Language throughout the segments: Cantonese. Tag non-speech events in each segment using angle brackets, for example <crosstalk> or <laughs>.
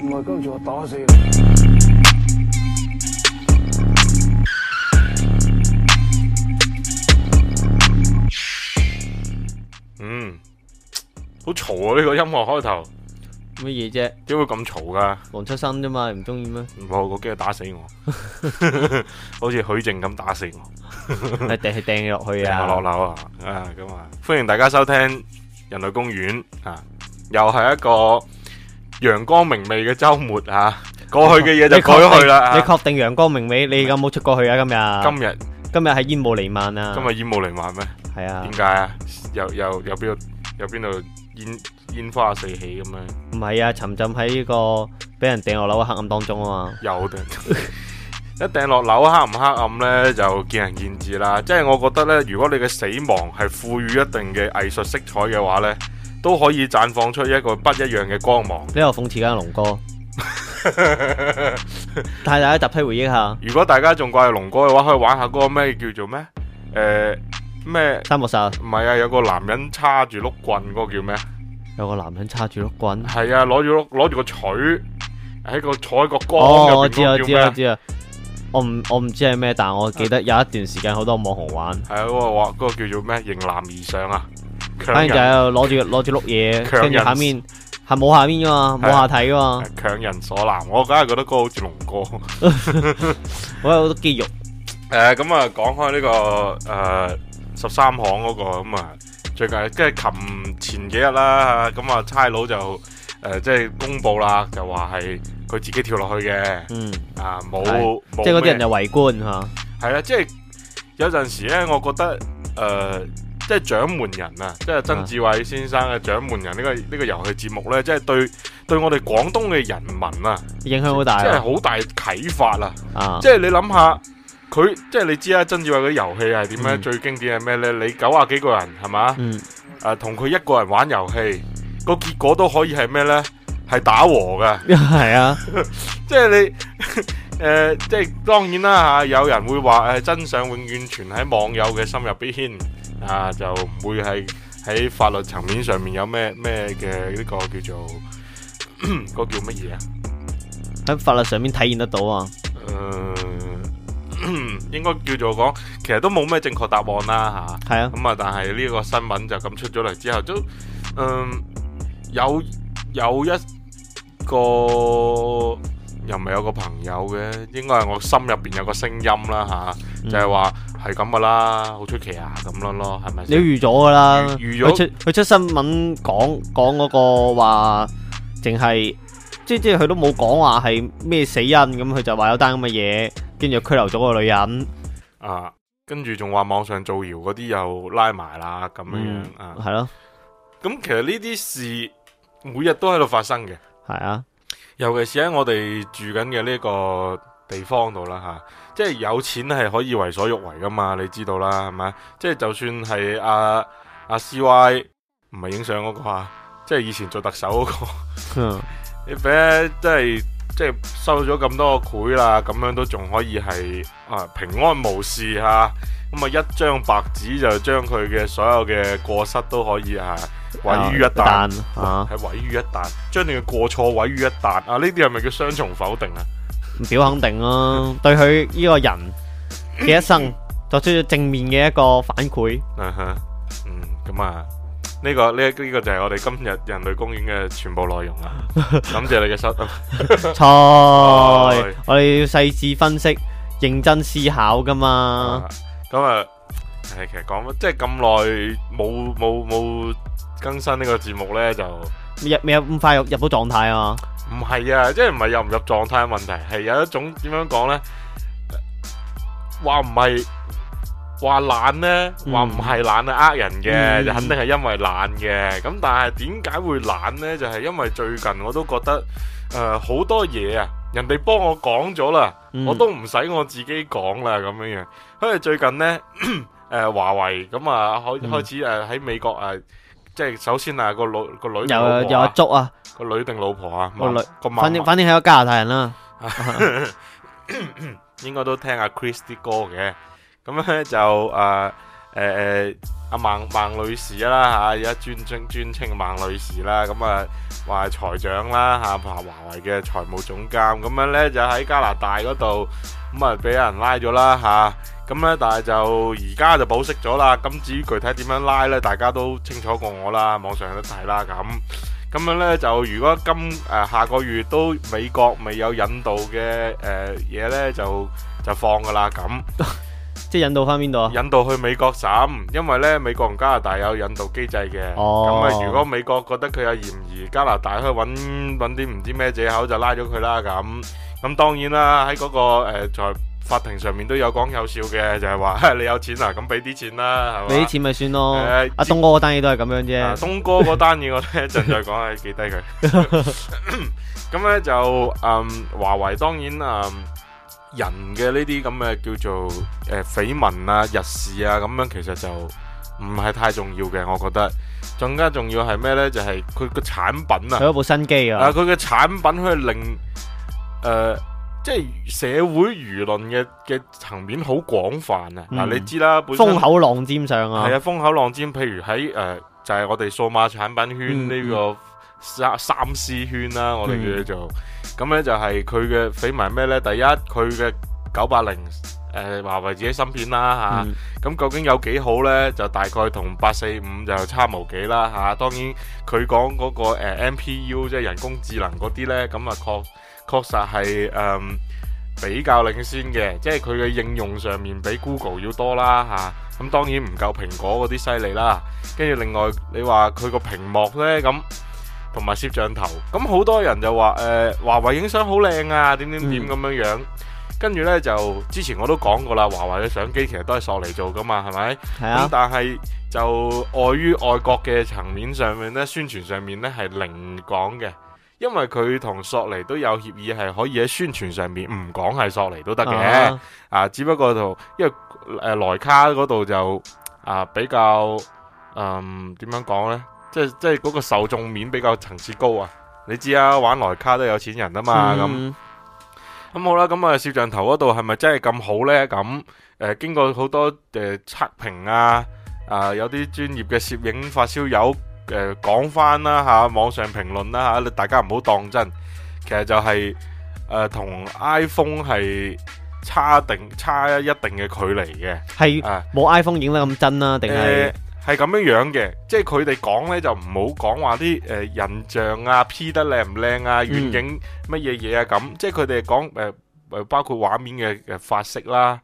唔係，跟住我打死你。嗯，好嘈啊！呢個音樂開頭乜嘢啫？點會咁嘈噶？黃出生啫嘛，唔中意咩？唔好，我驚佢打死我， <laughs> <laughs> 好似許靖咁打死我。你掟佢掟落去啊！落樓啊！啊咁啊！歡迎大家收聽人類公園啊！又係一個陽光明媚嘅周末啊！過去嘅嘢就過去啦。你確定陽光明媚？你有冇出過去啊？今日今日今日係煙霧瀰漫啊！今日煙霧瀰漫咩？係啊？點解啊？又又有邊度有邊度煙煙花四起咁樣？唔係啊！沉浸喺呢個俾人掟落樓嘅黑暗當中啊嘛！有嘅。一掟落樓，黑唔黑暗呢就見仁見智啦。即係我覺得呢，如果你嘅死亡係賦予一定嘅藝術色彩嘅話呢都可以綻放出一個不一樣嘅光芒。呢個諷刺緊龍哥，但 <laughs> 大家集體回憶下。如果大家仲掛住龍哥嘅話，可以玩下嗰個咩叫做咩？誒、欸、咩？三木殺唔係啊？有個男人叉住碌棍，嗰、那個叫咩？有個男人叉住碌棍，係啊，攞住攞住個錘喺個、那個、坐喺個缸嘅地我知，我知。方叫咩？我唔我唔知係咩，但我記得有一段時間好多網紅玩。係啊，嗰個話個叫做咩？迎難而上啊！反正就係攞住攞住碌嘢，跟住下面係冇下，下面噶嘛，冇、啊、下體噶嘛、啊。強、啊、人所難，我梗係覺得嗰個好似龍哥， <laughs> 我有好多肌肉。誒，咁啊，講、嗯、開呢、這個誒十三行嗰、那個咁啊，最近即係琴前幾日啦咁啊差佬就。誒、呃，即係公布啦，就話係佢自己跳落去嘅，嗯，啊冇，沒是沒即係嗰啲人圍、啊啊、就圍觀吓，係啦，即係有陣時咧，我覺得誒，即、呃、係、就是、掌門人啊，即、就、係、是、曾志偉先生嘅掌門人、這個這個、遊戲節目呢個呢個遊戲節目咧，即、就、係、是、對對我哋廣東嘅人民啊，影響好大，即係好大啟發啦，啊，即係、啊啊、你諗下，佢即係你知道啊，曾志偉嗰啲遊戲係點咧，嗯、最經典係咩咧？你九啊幾個人係嘛，是嗯，誒、啊，同佢一個人玩遊戲。個結果都可以係咩呢？係打和嘅是、啊， <laughs> 係、呃、啊，即係你誒，即係當然啦吓，有人會話誒，真相永遠存喺網友嘅心入邊啊，就唔會係喺法律層面上面有咩咩嘅呢個叫做、嗰個叫乜嘢啊？喺法律上面體現得到啊、呃？誒，應該叫做講，其實都冇咩正確答案啦吓。係啊，咁是啊，但係呢個新聞就咁出咗嚟之後，都、呃、嗯。有有一，有一個又咪有個朋友嘅，應該係我心入邊有個聲音啦嚇，嗯、就係話係咁噶啦，好出奇啊咁樣咯，係咪？你預咗噶啦，預咗。佢出，出新聞講講嗰個話，淨係即即係佢都冇講話係咩死因咁，佢就話有單咁嘅嘢，跟住拘留咗個女人。啊，跟住仲話網上造謠嗰啲又拉埋啦，咁樣樣、嗯、啊，係咯的。咁其實呢啲事。每日都喺度發生嘅，係啊，尤其是喺我哋住緊嘅呢個地方度啦吓，即係有錢係可以為所欲為噶嘛，你知道啦係咪？即係就算係阿阿 C Y 唔係影相嗰個啊，即係以前做特首嗰個， <laughs> <laughs> 你俾即係即係收咗咁多賄啦，咁樣都仲可以係啊平安無事吓，咁啊一張白紙就將佢嘅所有嘅過失都可以吓。啊毀於一旦啊！係毀於一旦，將你嘅過錯毀於一旦啊！呢啲係咪叫雙重否定啊？唔表肯定咯，對佢呢個人嘅一生作出正面嘅一個反饋。嗯哼，嗯咁啊，呢個呢呢個就係我哋今日人類公園嘅全部內容啦。感謝你嘅失錯，我哋要細致分析，認真思考噶嘛。咁啊，係其實講即係咁耐冇冇冇。更新呢個節目呢就未有咁快入入到狀態啊。唔係啊，即係唔係入唔入狀態嘅問題，係有一種點樣講呢？話唔係話懶呢，話唔係懶啊，呃人嘅，就肯定係因為懶嘅。咁但係點解會懶呢？就係因為最近我都覺得誒好多嘢啊，人哋幫我講咗啦，我都唔使我自己講啦咁樣樣。因為最近呢，誒華為咁啊開開始誒喺美國誒。即係首先啊，個女個女定老婆啊？個女定老婆啊？個女個，反正反正係個加拿大人啦，應該都聽阿 Chris 啲歌嘅。咁咧就誒誒阿孟孟女士啦吓，而家尊稱尊稱孟女士啦。咁啊話財長啦吓，話華為嘅財務總監咁樣咧，就喺加拿大嗰度咁啊俾人拉咗啦吓。咁咧，但係就而家就保釋咗啦。咁至於具體點樣拉呢？大家都清楚過我啦，網上都睇啦。咁咁樣呢，就如果今、呃、下個月都美國未有引渡嘅嘢呢，就就放噶啦。咁即係引渡翻邊度，引渡去美國審，因為呢美國同加拿大有引渡機制嘅。咁啊，如果美國覺得佢有嫌疑，加拿大可以揾揾啲唔知咩藉口就拉咗佢啦。咁咁當然啦，喺嗰、嗰個在。呃法庭上面都有講有笑嘅，就係話你有錢啊，咁俾啲錢啦，係嘛，俾啲錢咪算咯。阿東哥嗰單嘢都係咁樣啫，啊，東哥嗰單嘢 <laughs> 我一陣再講，記低佢。咁咧 <laughs> <coughs> 就嗯，華為當然嗯人嘅呢啲咁嘅叫做誒緋聞啊、日事啊，咁樣其實就唔係太重要嘅，我覺得。更加重要係咩咧？就係佢個產品啊，佢有部新機啊，佢嘅產品佢係令誒。呃即係社會輿論嘅嘅層面好廣泛啊，嗱、嗯、你知啦、啊，風口浪尖上啊，係啊，風口浪尖，譬如喺誒、呃、就係、是、我哋數碼產品圈呢、嗯這個三三 C 圈啦、啊，我哋叫做咁咧、嗯、就係佢嘅緋聞咩咧？第一佢嘅九八零誒華為自己芯片啦、啊、吓，咁、嗯啊、究竟有幾好咧？就大概同八四五就差無幾啦吓。當然佢講嗰個誒 NPU、呃、即係人工智能嗰啲咧，咁啊確。確實係誒、嗯、比較領先嘅，即係佢嘅應用上面比 Google 要多啦嚇。咁、啊、當然唔夠蘋果嗰啲犀利啦。跟住另外你話佢個屏幕呢，咁，同埋攝像頭咁，好多人就話誒、呃、華為影相好靚啊點點點咁樣怎樣，樣。跟住、嗯、呢，就之前我都講過啦，華為嘅相機其實都係索尼做噶嘛，係咪？咁是、啊嗯、但係就礙於外國嘅層面上面呢，宣傳上面呢係零講嘅。因為佢同索尼都有協議，係可以喺宣傳上面唔講係索尼都得嘅。Uh huh. 啊，只不過就因為誒萊、呃、卡嗰度就啊、呃、比較嗯點、呃、樣講呢？即係即係嗰個受眾面比較層次高啊！你知啊，玩萊卡都有錢人啊嘛咁。咁、mm hmm. 好啦，咁啊攝像頭嗰度係咪真係咁好呢？咁誒、呃、經過好多誒測評啊，啊、呃、有啲專業嘅攝影發燒友。誒講翻啦嚇，網上評論啦嚇，你大家唔好當真。其實就係誒同 iPhone 係差定差一定嘅距離嘅，係冇 iPhone 影得咁真啦，定係係咁樣樣嘅。即係佢哋講咧，就唔好講話啲誒人像啊，P 得靚唔靚啊，遠景乜嘢嘢啊咁。即係佢哋講誒誒，包括畫面嘅嘅發色啦，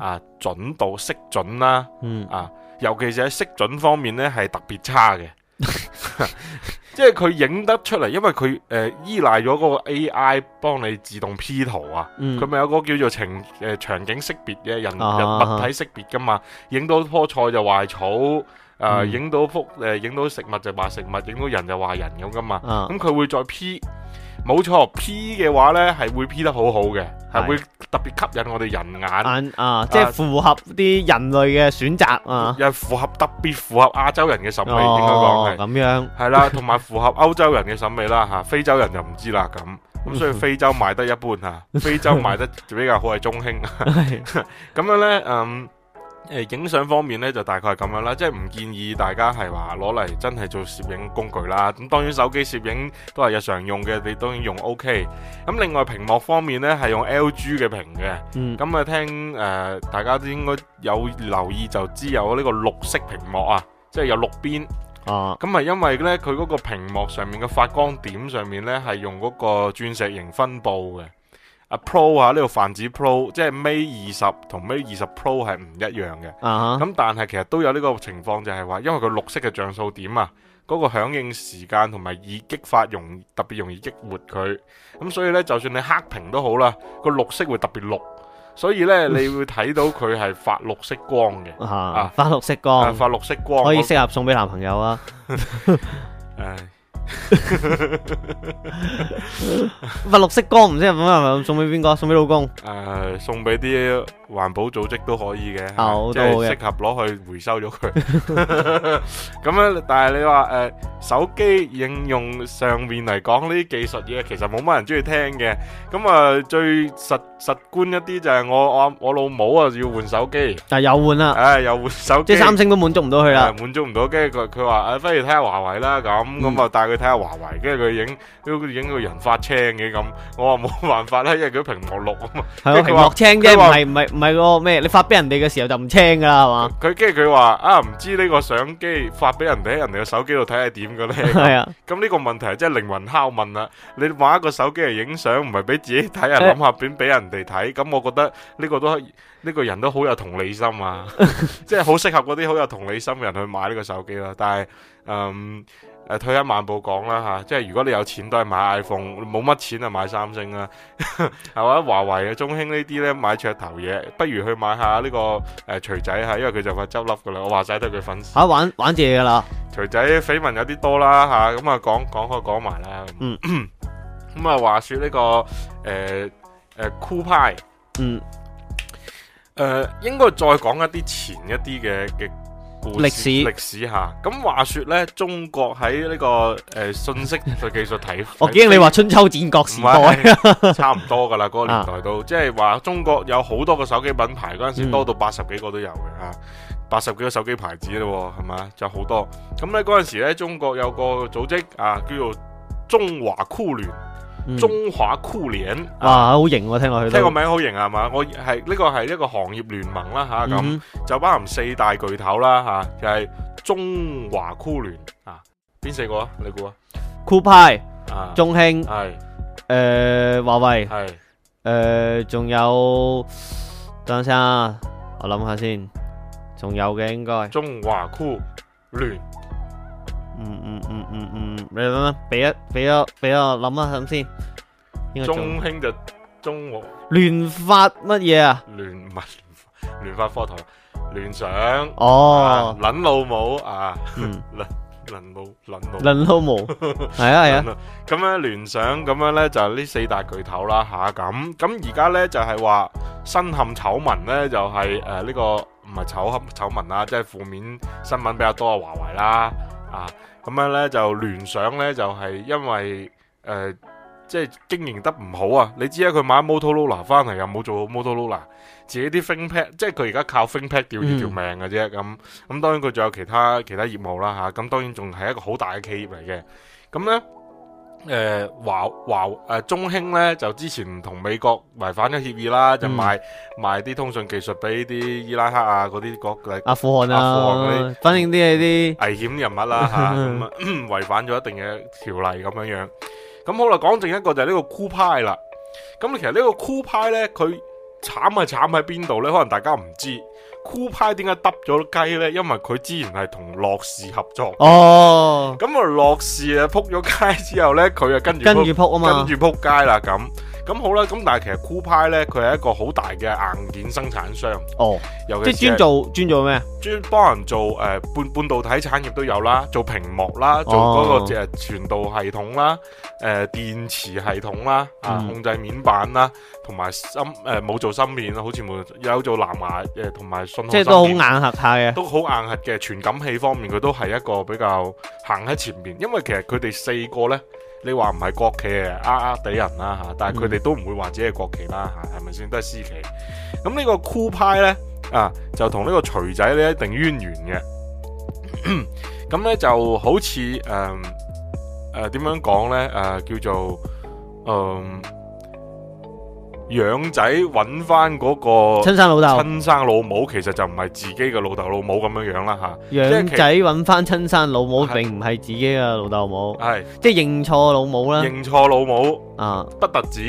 啊準度色準啦，啊尤其是喺色準方面咧，係特別差嘅。 <laughs> 即係佢影得出嚟，因為佢誒、呃、依賴咗嗰個 A I 幫你自動 P 圖啊，佢咪、嗯、有一個叫做情誒、呃、場景識別嘅人人、啊、物體識別噶嘛，影到棵菜就話係草，誒、呃、影、嗯、到幅誒影到食物就話食物，影到人就話人咁噶嘛，咁佢、啊嗯、會再 P。冇錯，P 嘅話呢係會 P 得好好嘅，係會特別吸引我哋人眼，眼，啊，啊即係符合啲人類嘅選擇啊，又符合特別符合亞洲人嘅審美，哦、應該講係咁樣的，係啦，同埋符合歐洲人嘅審美啦，吓非洲人就唔知啦咁，咁所以非洲賣得一般吓， <laughs> 非洲賣得就比較好係中興，咁的 <laughs> 樣呢。嗯。影相方面咧就大概係咁樣啦，即係唔建議大家係話攞嚟真係做攝影工具啦。咁當然手機攝影都係日常用嘅，你當然用 OK。咁另外屏幕方面呢，係用 LG 嘅屏嘅。咁啊、嗯、聽誒、呃，大家都應該有留意就知有呢個綠色屏幕啊，即係有綠邊。啊。咁因為呢，佢嗰個屏幕上面嘅發光點上面呢，係用嗰個鑽石型分布嘅。Pro 啊呢個泛指 Pro，即係 Mate 二十同 Mate 二十 Pro 係唔一樣嘅，咁、uh huh. 但係其實都有呢個情況就係話，因為佢綠色嘅像素點啊，嗰、那個響應時間同埋易激發容特別容易激活佢，咁所以呢，就算你黑屏都好啦，個綠色會特別綠，所以呢，你會睇到佢係發綠色光嘅，uh huh. 啊發綠色光、啊，發綠色光，可以適合送俾男朋友啊， <laughs> 份綠色歌唔知係咪送俾邊個？送俾老公？誒，送俾啲環保組織都可以嘅，即係適合攞去回收咗佢。咁咧，但係你話誒，手機應用上面嚟講呢啲技術嘢，其實冇乜人中意聽嘅。咁啊，最實實觀一啲就係我我我老母啊，要換手機。啊，又換啦？誒，又換手機即係三星都滿足唔到佢啦，滿足唔到，跟住佢佢話誒，不如睇下華為啦。咁咁啊，但係。佢睇下華為，跟住佢影，都影個人發青嘅咁。我話冇辦法啦，因為佢屏幕綠啊嘛。係啊，屏幕青啫，唔係唔係唔係嗰個咩？你發俾人哋嘅時候就唔青噶啦，係嘛？佢跟住佢話啊，唔知呢個相機發俾人哋喺人哋嘅手機度睇係點嘅咧。係啊，咁呢個問題係真係靈魂拷問啦。你買一個手機嚟影相，唔係俾自己睇啊，諗下點俾人哋睇？咁我覺得呢個都呢個人都好有同理心啊，即係好適合嗰啲好有同理心嘅人去買呢個手機啦。但係嗯。誒，退一萬步講啦吓，即係如果你有錢都係買 iPhone，冇乜錢就買三星啦，係嘛？華為嘅中興呢啲咧買噱頭嘢，不如去買下呢個誒錘仔吓，因為佢就快執笠噶啦。我話晒都係佢粉絲、啊、玩玩嘢噶啦。錘仔緋聞有啲多啦吓，咁啊講講開講埋啦。咁啊、嗯、話說呢個誒誒酷派，呃呃、誒、嗯，誒、呃、應該再講一啲前一啲嘅嘅。歷史歷史吓，咁話說呢中國喺呢、這個誒、呃、信息技術睇， <laughs> 我記得你話春秋戰國時代是， <laughs> 差唔多噶啦，嗰、那個年代都即係話中國有好多、多、多、啊、多個手機品牌，嗰陣時多到八十幾個都有嘅吓，八十幾個手機牌子咯，係嘛，就好多。咁呢嗰陣時呢中國有個組織啊，叫做中華酷聯。嗯、中華酷聯啊，好型喎！我聽過佢。聽個名好型啊，係嘛？我係呢個係一個行業聯盟啦，吓、啊、咁就包含四大巨頭啦，吓就係中華酷聯啊，邊、就是啊、四個你派啊？你估啊？酷派啊，中興係，誒是，華、呃、為係，誒是，仲、呃、有等下先，我諗下先，仲有嘅應該中華酷聯。嗯嗯嗯嗯嗯，你諗下，俾一俾一俾我諗一諗先。中興就中和，聯發乜嘢、哦、啊？聯唔係聯發科台，聯想哦，捻老母啊，捻捻老捻老捻老母，係啊係啊，咁樣聯想咁樣咧就係、是、呢四大巨頭啦吓，咁咁而家咧就係話身陷醜聞咧就係誒呢個唔係醜醜聞啦，即係負面新聞比較多嘅華為啦。啊，咁樣咧就聯想咧就係、是、因為誒、呃、即係經營得唔好啊，你知啊佢、啊、買摩托羅拉翻嚟又冇做好摩托羅拉，自己啲 ThinkPad 即係佢而家靠 ThinkPad 吊住條命嘅、啊、啫，咁咁、嗯啊、當然佢仲有其他其他業務啦、啊、吓，咁、啊、當然仲係一個好大嘅企業嚟嘅，咁、啊、咧。誒華華誒中興咧就之前同美國違反咗協議啦，嗯、就賣賣啲通訊技術俾啲伊拉克啊嗰啲國啊阿富汗啊，嗰啲反正啲係啲危險人物啦嚇，違反咗一定嘅條例咁樣樣。咁好啦，講正一個就係呢個酷派啦。咁其實呢個酷派咧，佢慘係慘喺邊度咧？可能大家唔知。酷派點解揼咗雞呢？因為佢之前係同樂視合作。哦，咁啊，樂視啊，撲咗街之後呢，佢啊跟住跟住撲啊嘛，跟住撲街啦咁。咁、嗯、好啦，咁但係其實酷派呢，佢係一個好大嘅硬件生產商。哦，尤其即係專做專做咩？專幫人做誒、呃，半半導體產業都有啦，做屏幕啦，哦、做嗰個誒傳導系統啦，誒、呃、電池系統啦，啊控制面板啦，同埋芯誒冇做芯片啦好似冇有，有做藍牙誒同埋信號。即係都好硬核下嘅，都好硬核嘅傳感器方面，佢都係一個比較行喺前面，因為其實佢哋四個呢。你話唔係國企嘅呃呃地人啦嚇，但係佢哋都唔會話自己係國企啦嚇，係咪先都係私企？咁呢個酷派咧啊，就同呢個徐仔咧一定淵源嘅。咁咧 <coughs> 就好似誒誒點樣講咧誒叫做嗯。呃養仔揾翻嗰個親生老豆、親生老母，其實就唔係自己嘅老豆老母咁樣樣啦吓。養仔揾翻親生老母，並唔係自己嘅老豆老，老母，係即係認錯老母啦。認錯老母。啊啊！Uh, 不特止，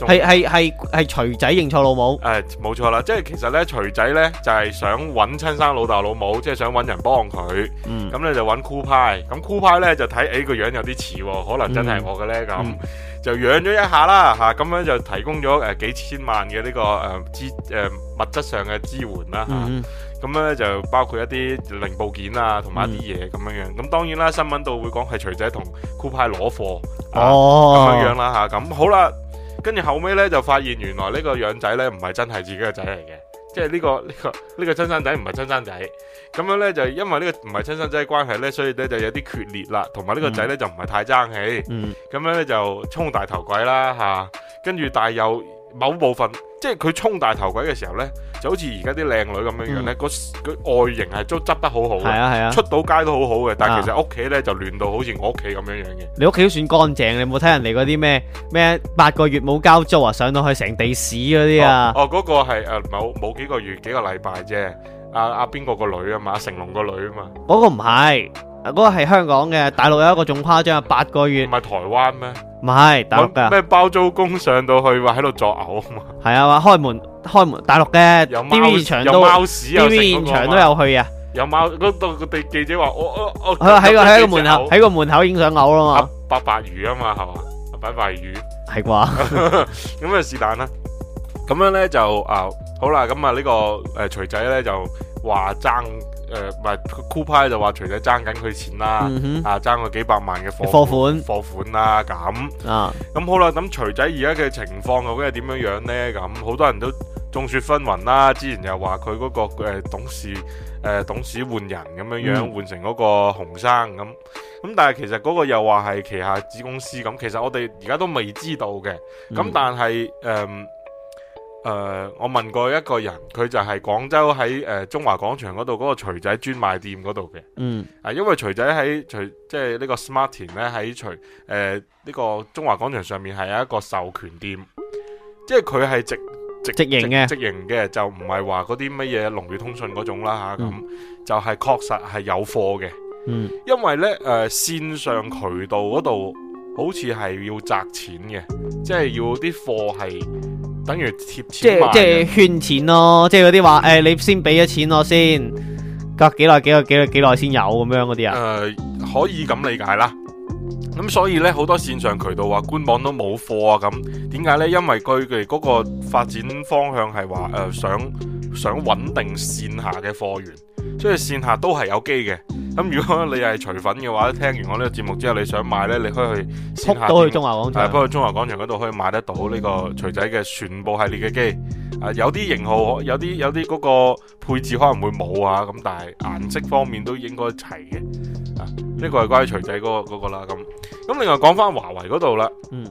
係係係係錘仔認錯老、嗯就是、老，老母，誒、就是，冇錯啦，即係其實咧，錘仔咧就係想搵親生老豆老母，即係想搵人幫佢，嗯、咁咧就搵酷派，咁酷派咧就睇，誒個樣有啲似，可能真係我嘅咧，咁、嗯、就養咗一下啦，吓、啊，咁樣就提供咗誒幾千萬嘅呢、這個誒支誒物質上嘅支援啦，吓、啊。嗯咁咧就包括一啲零部件啊，同埋一啲嘢咁樣樣。咁、嗯、當然啦，新聞度會講係徐仔同酷派攞貨，咁樣、啊、樣啦吓，咁、啊、好啦，跟住後尾咧就發現原來呢個養仔咧唔係真係自己嘅仔嚟嘅，即係呢個呢、呢個呢、呢個親生仔唔係親生仔。咁樣咧就因為呢個唔係親生仔嘅關係咧，所以咧就有啲決裂啦，同埋呢個仔咧就唔係太爭氣。咁、嗯、樣咧就衝大頭鬼啦吓，跟、啊、住大有。某部分即係佢衝大頭鬼嘅時候呢，就好似而家啲靚女咁樣樣，呢個外形係都執得好好，係啊係啊，啊出到街都好好嘅。但係其實屋企呢，是啊、就亂到好似我屋企咁樣樣嘅。你屋企都算乾淨，你冇睇人哋嗰啲咩咩八個月冇交租啊，上到去成地屎嗰啲啊哦？哦，嗰、嗰個係誒冇冇幾個月幾個禮拜啫。阿阿邊個個女啊嘛，啊成龍個女啊嘛。嗰個唔係。嗰個係香港嘅，大陸有一個仲誇張，八個月。唔係台灣咩？唔係大陸嘅咩？包租公上到去話喺度作嘔啊嘛？係啊，話開門開門，大陸嘅貓。現場有貓屎。有貓屎。有貓屎。有貓屎。D V 現場都有去啊。有貓，嗰度個地記者話我我我，佢話喺個喺個門口喺個門口影相嘔啦嘛。白白魚啊嘛，係嘛？白白魚係啩？咁吧 <laughs> 啊是但啦。咁樣咧就啊好啦，咁啊、這個呃、呢個誒錘仔咧就話爭。誒唔係酷派就話徐仔爭緊佢錢啦、啊，啊爭個幾百萬嘅貨款貨款啦，咁啊咁、啊、好啦，咁徐仔而家嘅情況究竟係點樣樣咧？咁好多人都眾說紛紜啦。之前又話佢嗰個董事誒、呃、董事換人咁樣樣，嗯、換成嗰個洪生咁咁，但係其實嗰個又話係旗下子公司咁，其實我哋而家都未知道嘅。咁但係誒。嗯嗯誒、呃，我問過一個人，佢就係廣州喺誒、呃、中華廣場嗰度嗰個錘仔專賣店嗰度嘅。嗯。啊，因為錘仔喺錘，即係呢個 Smartisan 咧喺錘誒呢個中華廣場上面係有一個授權店，即係佢係直直直營嘅，直營嘅就唔係話嗰啲乜嘢龍躍通訊嗰種啦吓，咁，就係確實係有貨嘅。嗯。嗯，因為咧誒、呃、線上渠道嗰度好似係要砸錢嘅，即、就、係、是、要啲貨係。等於貼錢即係即係圈錢咯，即係嗰啲話誒，你先俾咗錢我先，隔幾耐幾耐幾耐幾耐先有咁樣嗰啲啊？誒，可以咁理解啦。咁所以呢，好多線上渠道話官網都冇貨啊。咁點解呢？因為佢哋嗰個發展方向係話誒，想想穩定線下嘅貨源。所以線下都係有機嘅，咁如果你係錘粉嘅話，聽完我呢個節目之後，你想買呢，你可以去線下，都可以去中華廣場，係、呃，可以去中華廣場嗰度可以買得到呢個錘仔嘅全部系列嘅機，啊、呃，有啲型號，有啲有啲嗰個配置可能會冇啊，咁但係顏色方面都應該齊嘅，啊、呃，呢、這個係關於錘仔嗰個嗰個啦，咁，咁另外講翻華為嗰度啦，嗯。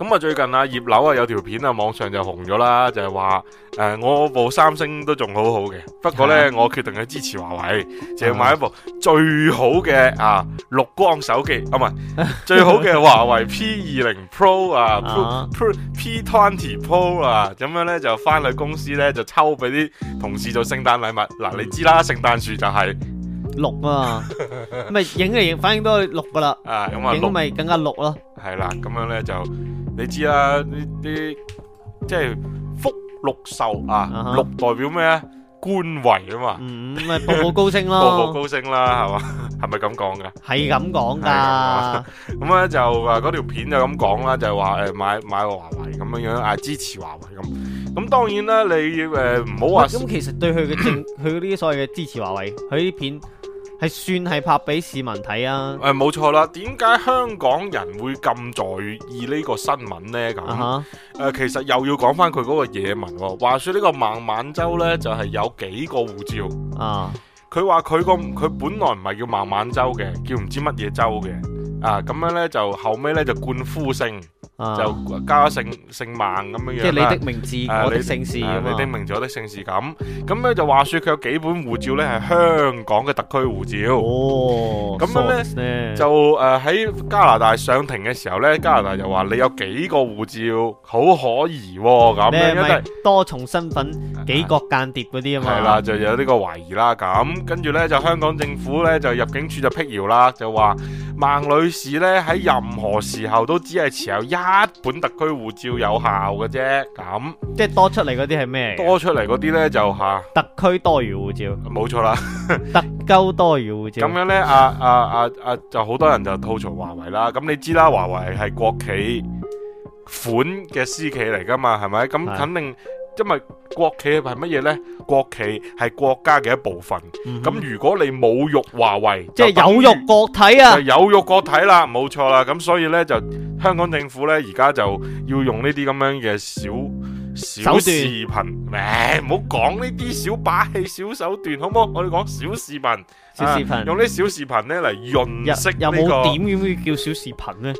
咁啊，最近啊，葉劉啊，有條片啊，網上就紅咗啦，就係、是、話，誒、呃，我部三星都仲好好嘅，不過呢，uh huh. 我決定去支持華為，就要買一部最好嘅啊，綠光手機、uh huh. 啊，唔係最好嘅華為 P 二零 Pro 啊 p 2 0 P twenty Pro 啊，咁、uh huh. 啊、樣呢，就翻去公司呢，就抽俾啲同事做聖誕禮物，嗱、啊，你知啦，聖誕樹就係、是。綠啊，咪影嚟影，反映到去錄噶啦，啊咁啊，影咪更加綠咯，係啦，咁樣咧就你知啦，呢啲即係福祿壽啊，祿代表咩啊？官位啊嘛，嗯，咪步步高升咯，步步高升啦，係嘛？ <laughs> 係咪咁講噶？係咁講噶，咁咧、啊、就誒嗰條片就咁講啦，就係話誒買買個華為咁樣樣啊，支持華為咁，咁當然啦，你要誒唔好話咁，呃實啊、其實對佢嘅政，佢啲所謂嘅支持華為，佢啲片。係算係拍俾市民睇啊、呃！誒，冇錯啦，點解香港人會咁在意呢個新聞呢？咁誒、uh huh. 呃，其實又要講翻佢嗰個嘢聞、哦。話說呢個孟晚舟呢，就係、是、有幾個護照。啊、uh！佢話佢個佢本來唔係叫孟晚舟嘅，叫唔知乜嘢州嘅。啊，咁樣咧就後尾咧就冠夫姓，就加姓姓孟咁樣樣。即係你的名字，我的姓氏。你的名字，我的姓氏。咁咁咧就話說佢有幾本護照咧係香港嘅特區護照。哦，咁樣咧就誒喺加拿大上庭嘅時候咧，加拿大就話你有幾個護照好可疑咁，因為多重身份，幾個間諜嗰啲啊嘛。係啦，就有呢個懷疑啦。咁跟住咧就香港政府咧就入境處就辟謠啦，就話孟女是咧喺任何時候都只係持有一本特區護照有效嘅啫，咁即係多出嚟嗰啲係咩？多出嚟嗰啲呢，就嚇、啊、特區多餘護照，冇錯啦，特區多餘護照。咁樣呢，啊啊啊啊就好多人就吐槽華為啦。咁你知啦，華為係國企款嘅私企嚟㗎嘛，係咪？咁肯定。因為國企係乜嘢咧？國企係國家嘅一部分。咁如果你侮辱華為，即係有辱國體啊！有辱國體啦，冇錯啦。咁所以咧，就香港政府咧，而家就要用呢啲咁樣嘅小小視頻。唔好講呢啲小把戲、小手段，好唔好？我哋講小視頻，小視頻用啲小視頻咧嚟潤色呢個。有冇點可以叫小視頻咧？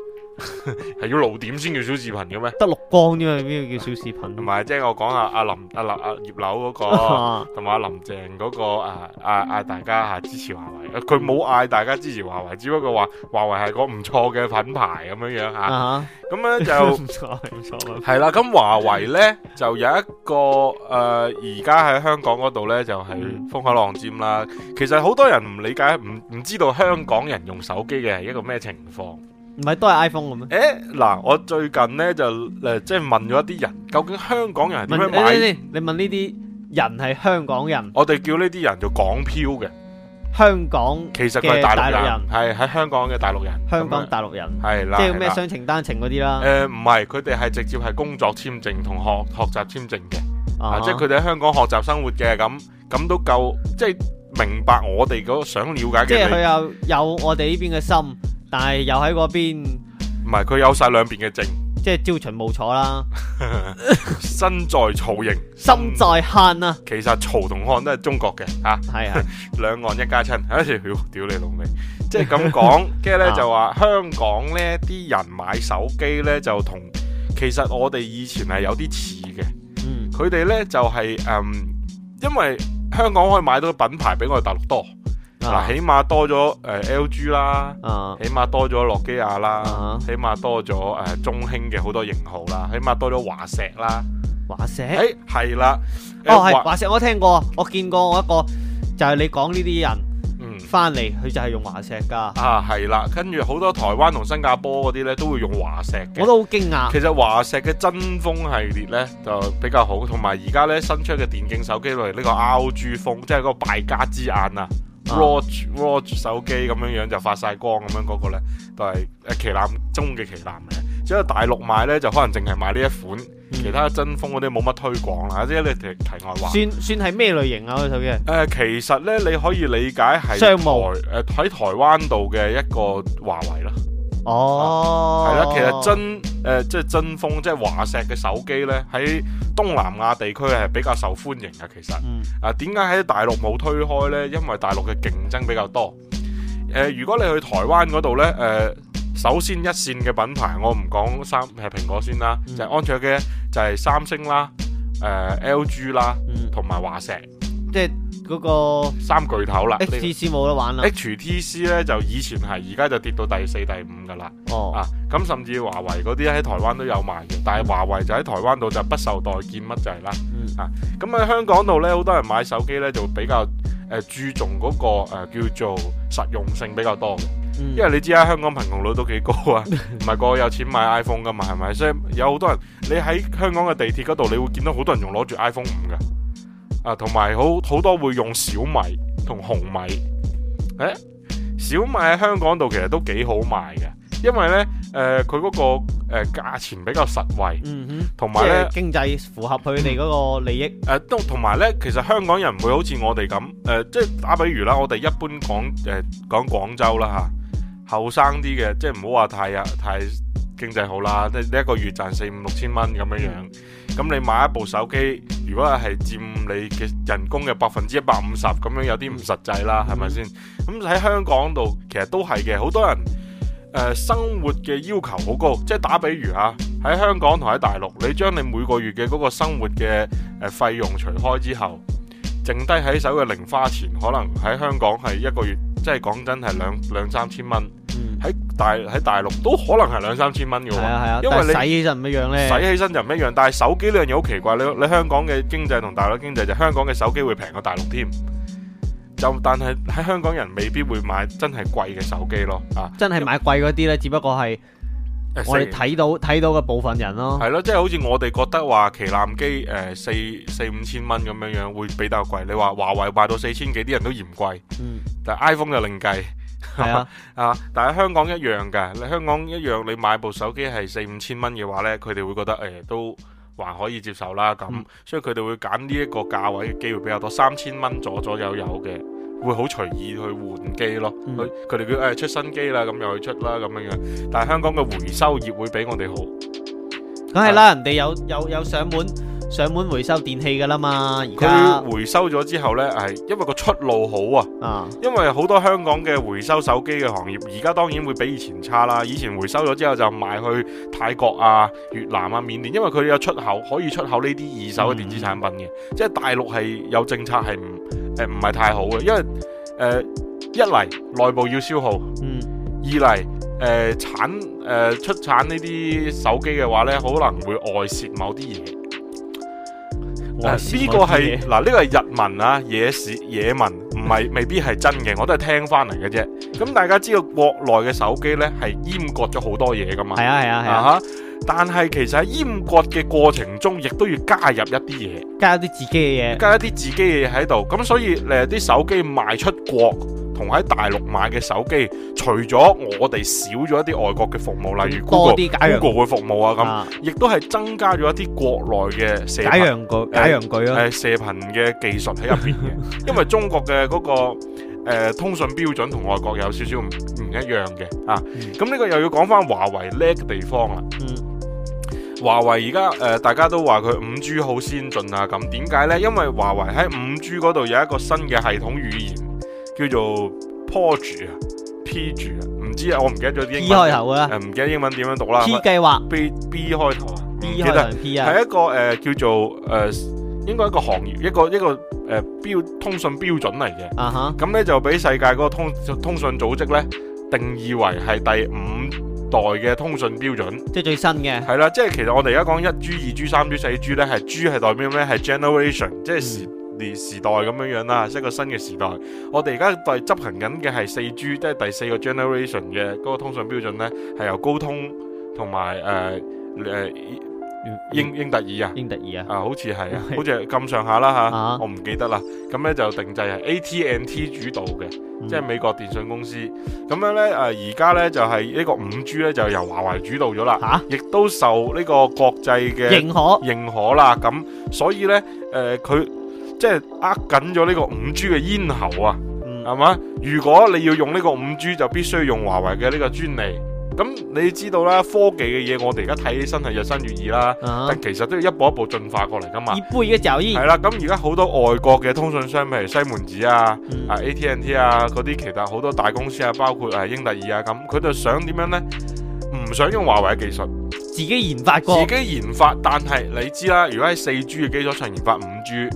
係 <laughs> 要露點先叫小視頻嘅咩？得綠光啫邊個叫小視頻？同埋即係我講下阿林阿葉劉嗰個，同埋阿林鄭嗰，那個啊啊大家吓支持華為，佢冇嗌大家支持華為，為，只不過話華為係個唔錯嘅品牌咁樣樣吓。咁樣，uh huh. 啊，就唔錯，唔錯啦。係啦，咁華為呢就有一個誒，而家喺香港嗰度呢，就係風口浪尖啦。嗯，其實好多人唔理解，唔唔知道香港人用手機嘅係一個咩情況。唔係都係 iPhone 咁咩？誒、欸，嗱，我最近咧就誒、呃，即係問咗一啲人，究竟香港人點樣買？等等，等等，你問呢啲人係香港人？我哋叫呢啲人做港漂嘅。香港其實佢係大陸人，係喺香港嘅大陸人。香港大陸人，係啦，樣即係咩雙程單程嗰啲啦？誒，唔係，佢哋係直接係工作簽證同學學習簽證嘅，uh huh. 啊，即係佢哋喺香港學習生活嘅咁，咁都夠，即係明白我哋嗰想了解嘅。即係佢又有我哋呢邊嘅心。但係又喺嗰邊，唔係佢有晒兩邊嘅證，即係朝秦暮楚啦。 <laughs> 身在曹營，心在漢啊，嗯！其實曹同漢都係中國嘅吓，係啊，兩是 <laughs> 岸一家親。哎呀，屌，屌你老味，即係咁講，跟住咧就話香港咧啲人買手機咧就同，其實我哋以前係有啲似嘅，嗯，佢哋咧就係誒，因為香港可以買到品牌比我哋大陸多。嗱、啊，起碼多咗誒 LG 啦，啊、起碼多咗諾基亞啦，啊、起碼多咗誒中興嘅好多型號啦，起碼多咗華碩啦。華碩錫，誒係、欸、啦，呃、哦係華碩，我聽過，我見過我一個就係、是、你講呢啲人翻嚟，佢、嗯、就係用華碩噶啊，係啦，跟住好多台灣同新加坡嗰啲咧都會用華碩嘅。我都好驚訝。其實華碩嘅真風系列咧就比較好，同埋而家咧新出嘅電競手機嚟呢、呢個 ROG 風，即係嗰個敗家之眼啊！watch、啊、watch 手機咁樣樣就發晒光咁樣嗰個咧都係誒、呃、旗艦中嘅旗艦嘅，只係大陸買咧就可能淨係買呢一款，嗯、其他真風嗰啲冇乜推廣啦。即係你題外話，算算係咩類型啊？嗰個手機其實咧你可以理解係商務、呃、喺台灣度嘅一個華為啦。哦，係啦、啊，其實真。誒即係真風，即係華碩嘅手機呢，喺東南亞地區係比較受歡迎嘅。其實，嗯、啊點解喺大陸冇推開呢？因為大陸嘅競爭比較多。誒、呃，如果你去台灣嗰度呢，誒、呃、首先一線嘅品牌，我唔講三係蘋果先啦，嗯、就係安卓機，就係、是、三星啦，誒、呃、LG 啦，同埋、嗯、華碩。即係。嗰那個三巨頭啦，HTC 冇得玩啦，HTC 咧就以前係，而家就跌到第四、第五噶啦。哦，啊，咁甚至華為嗰啲喺台灣都有賣嘅，嗯、但係華為就喺台灣度就不受待見，乜就係啦。啊，咁喺香港度咧，好多人買手機咧就比較誒、呃、注重嗰、那個、呃、叫做實用性比較多嘅，嗯、因為你知啦、啊，香港貧窮率都幾高啊，唔係個個有錢買 iPhone 噶嘛，係咪？所以有好多人，你喺香港嘅地鐵嗰度，你會見到好多人仲攞住 iPhone 五嘅。啊，同埋好好多會用小米同紅米。誒、欸，小米喺香港度其實都幾好賣嘅，因為呢，誒、呃，佢嗰、那個誒、呃、價錢比較實惠，同埋、嗯、哼呢經濟符合佢哋嗰個利益。誒、嗯，都同埋呢，其實香港人唔會好似我哋咁，誒、呃，即係打比如啦，我哋一般講誒、呃、講廣州啦嚇，後生啲嘅，即係唔好話太啊太經濟好啦，即係一個月賺四五六千蚊咁樣樣。嗯咁你買一部手機，如果係佔你嘅人工嘅百分之一百五十，咁樣有啲唔實際啦，係咪先？咁喺香港度其實都係嘅，好多人、呃、生活嘅要求好高，即係打比如啊，喺香港同喺大陸，你將你每個月嘅嗰個生活嘅誒、呃、費用除開之後，剩低喺手嘅零花錢，可能喺香港係一個月，即係講真係兩兩，兩三千蚊。大喺大陸都可能係兩三千蚊嘅喎，係啊係啊，因為使起身唔一樣咧，使起身就唔一樣。但係手機呢樣嘢好奇怪，你你香港嘅經濟同大陸經濟，就香港嘅手機會平過大陸添。就但係喺香港人未必會買真係貴嘅手機咯。啊，真係買貴嗰啲咧，只不過係我哋睇到睇到嘅部分人咯。係咯，即係好似我哋覺得話旗艦機，誒四四五千蚊咁樣樣會比較貴。你話華為賣到四千幾，啲人都嫌貴。嗯，但係 iPhone 就另計。係啊，啊！ <laughs> 但係香港一樣噶，你香港一樣，你買部手機係四五千蚊嘅話呢，佢哋會覺得誒、欸、都還可以接受啦咁，嗯、所以佢哋會揀呢一個價位嘅機會比較多，三千蚊左左右右嘅，會好隨意去換機咯。佢佢哋叫誒出新機啦，咁又去出啦咁樣樣。但係香港嘅回收業會比我哋好，梗係啦，啊、人哋有有有上門上門回收電器㗎啦嘛，而家佢回收咗之後呢，係因為個出路好啊，啊，因為好多香港嘅回收手機嘅行業而家當然會比以前差啦。以前回收咗之後就賣去泰國啊、越南啊、緬甸，因為佢有出口可以出口呢啲二手嘅電子產品嘅，嗯、即係大陸係有政策係唔唔係太好嘅，因為、呃、一嚟內部要消耗，嗯、二嚟、呃、產、呃、出產呢啲手機嘅話呢，可能會外泄某啲嘢。呢、啊這個係嗱？呢、啊這個係日文啊，野史野文，唔係未必係真嘅，我都係聽翻嚟嘅啫。咁大家知道國內嘅手機呢係閹割咗好多嘢噶嘛？係啊係啊係啊,啊！但係其實喺閹割嘅過程中，亦都要加入一啲嘢，加一啲自己嘅嘢，加一啲自己嘅嘢喺度。咁所以誒，啲手機賣出國。同喺大陸買嘅手機，除咗我哋少咗一啲外國嘅服務，例如 Go ogle, Google Google 嘅服務啊，咁亦都係增加咗一啲國內嘅射頻。假陽具，假陽具、啊呃、射頻嘅技術喺入邊嘅， <laughs> 因為中國嘅嗰、那個、呃、通訊標準同外國有少少唔一樣嘅啊。咁呢、嗯、個又要講翻華為叻嘅地方啦。嗯，華為而家誒大家都話佢五 G 好先進啊，咁點解呢？因為華為喺五 G 嗰度有一個新嘅系統語言。叫做 P o r G 啊，P G 啊，唔知啊，我唔記得咗啲。P 開頭啊，唔記得英文點樣、嗯、讀啦。P 計劃。B B 開頭啊，B 開頭啦。了得 P 啊，係一個誒、呃、叫做誒、呃，應該一個行業，一個一個誒標、呃、通訊標準嚟嘅。啊哈、uh。咁、huh，咧就俾世界嗰個通通訊組織咧定義為係第五代嘅通訊標準。即係最新嘅。係啦，即係其實我哋而家講一 G、二 G、三 G、四 G 咧，係 G 係代表咩？係 generation，即係。嗯時代咁樣樣啦，是一個新嘅時代。我哋而家在執行緊嘅係四 G，即係第四個 generation 嘅嗰、那個通訊標準呢係由高通同埋誒誒英英特爾啊，英特爾啊， <laughs> 啊，好似係啊，好似咁上下啦吓，我唔記得啦。咁呢就定制係 AT&T 主導嘅，嗯、即係美國電信公司。咁樣呢，誒、呃，而家呢就係、是、呢個五 G 呢就由華為主導咗啦，亦、啊、都受呢個國際嘅認可認可啦。咁所以呢，誒、呃、佢。即係握緊咗呢個五 G 嘅咽喉啊，係嘛、嗯？如果你要用呢個五 G，就必須用華為嘅呢個專利。咁你知道啦，科技嘅嘢我哋而家睇起身係日新月異啦，啊、但其實都要一步一步進化過嚟噶嘛。係啦。咁而家好多外國嘅通訊商，譬如西門子啊、嗯、AT&T 啊嗰啲，其他好多大公司啊，包括誒英特爾啊，咁佢就想點樣呢？唔想用華為嘅技術，自己研發，自己研發。但係你知啦，如果喺四 G 嘅基礎上研發五 G。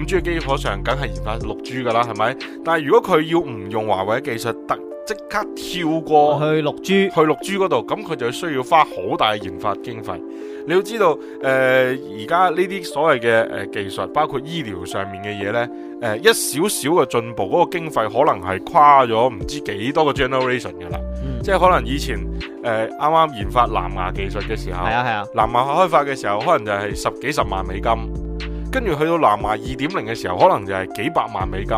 五 G 嘅基礎上，梗係研發六 G 噶啦，係咪？但係如果佢要唔用華為嘅技術，突即刻跳過去六 G，去六 G 嗰度，咁佢就需要花好大嘅研發經費。你要知道，誒而家呢啲所謂嘅誒、呃、技術，包括醫療上面嘅嘢呢，誒、呃、一少少嘅進步，嗰、那個經費可能係跨咗唔知幾多個 generation 噶啦。嗯、即係可能以前誒啱啱研發藍牙技術嘅時候，係啊係啊，藍牙、啊、開發嘅時候，可能就係十幾十萬美金。跟住去到藍牙2.0嘅時候，可能就係幾百萬美金。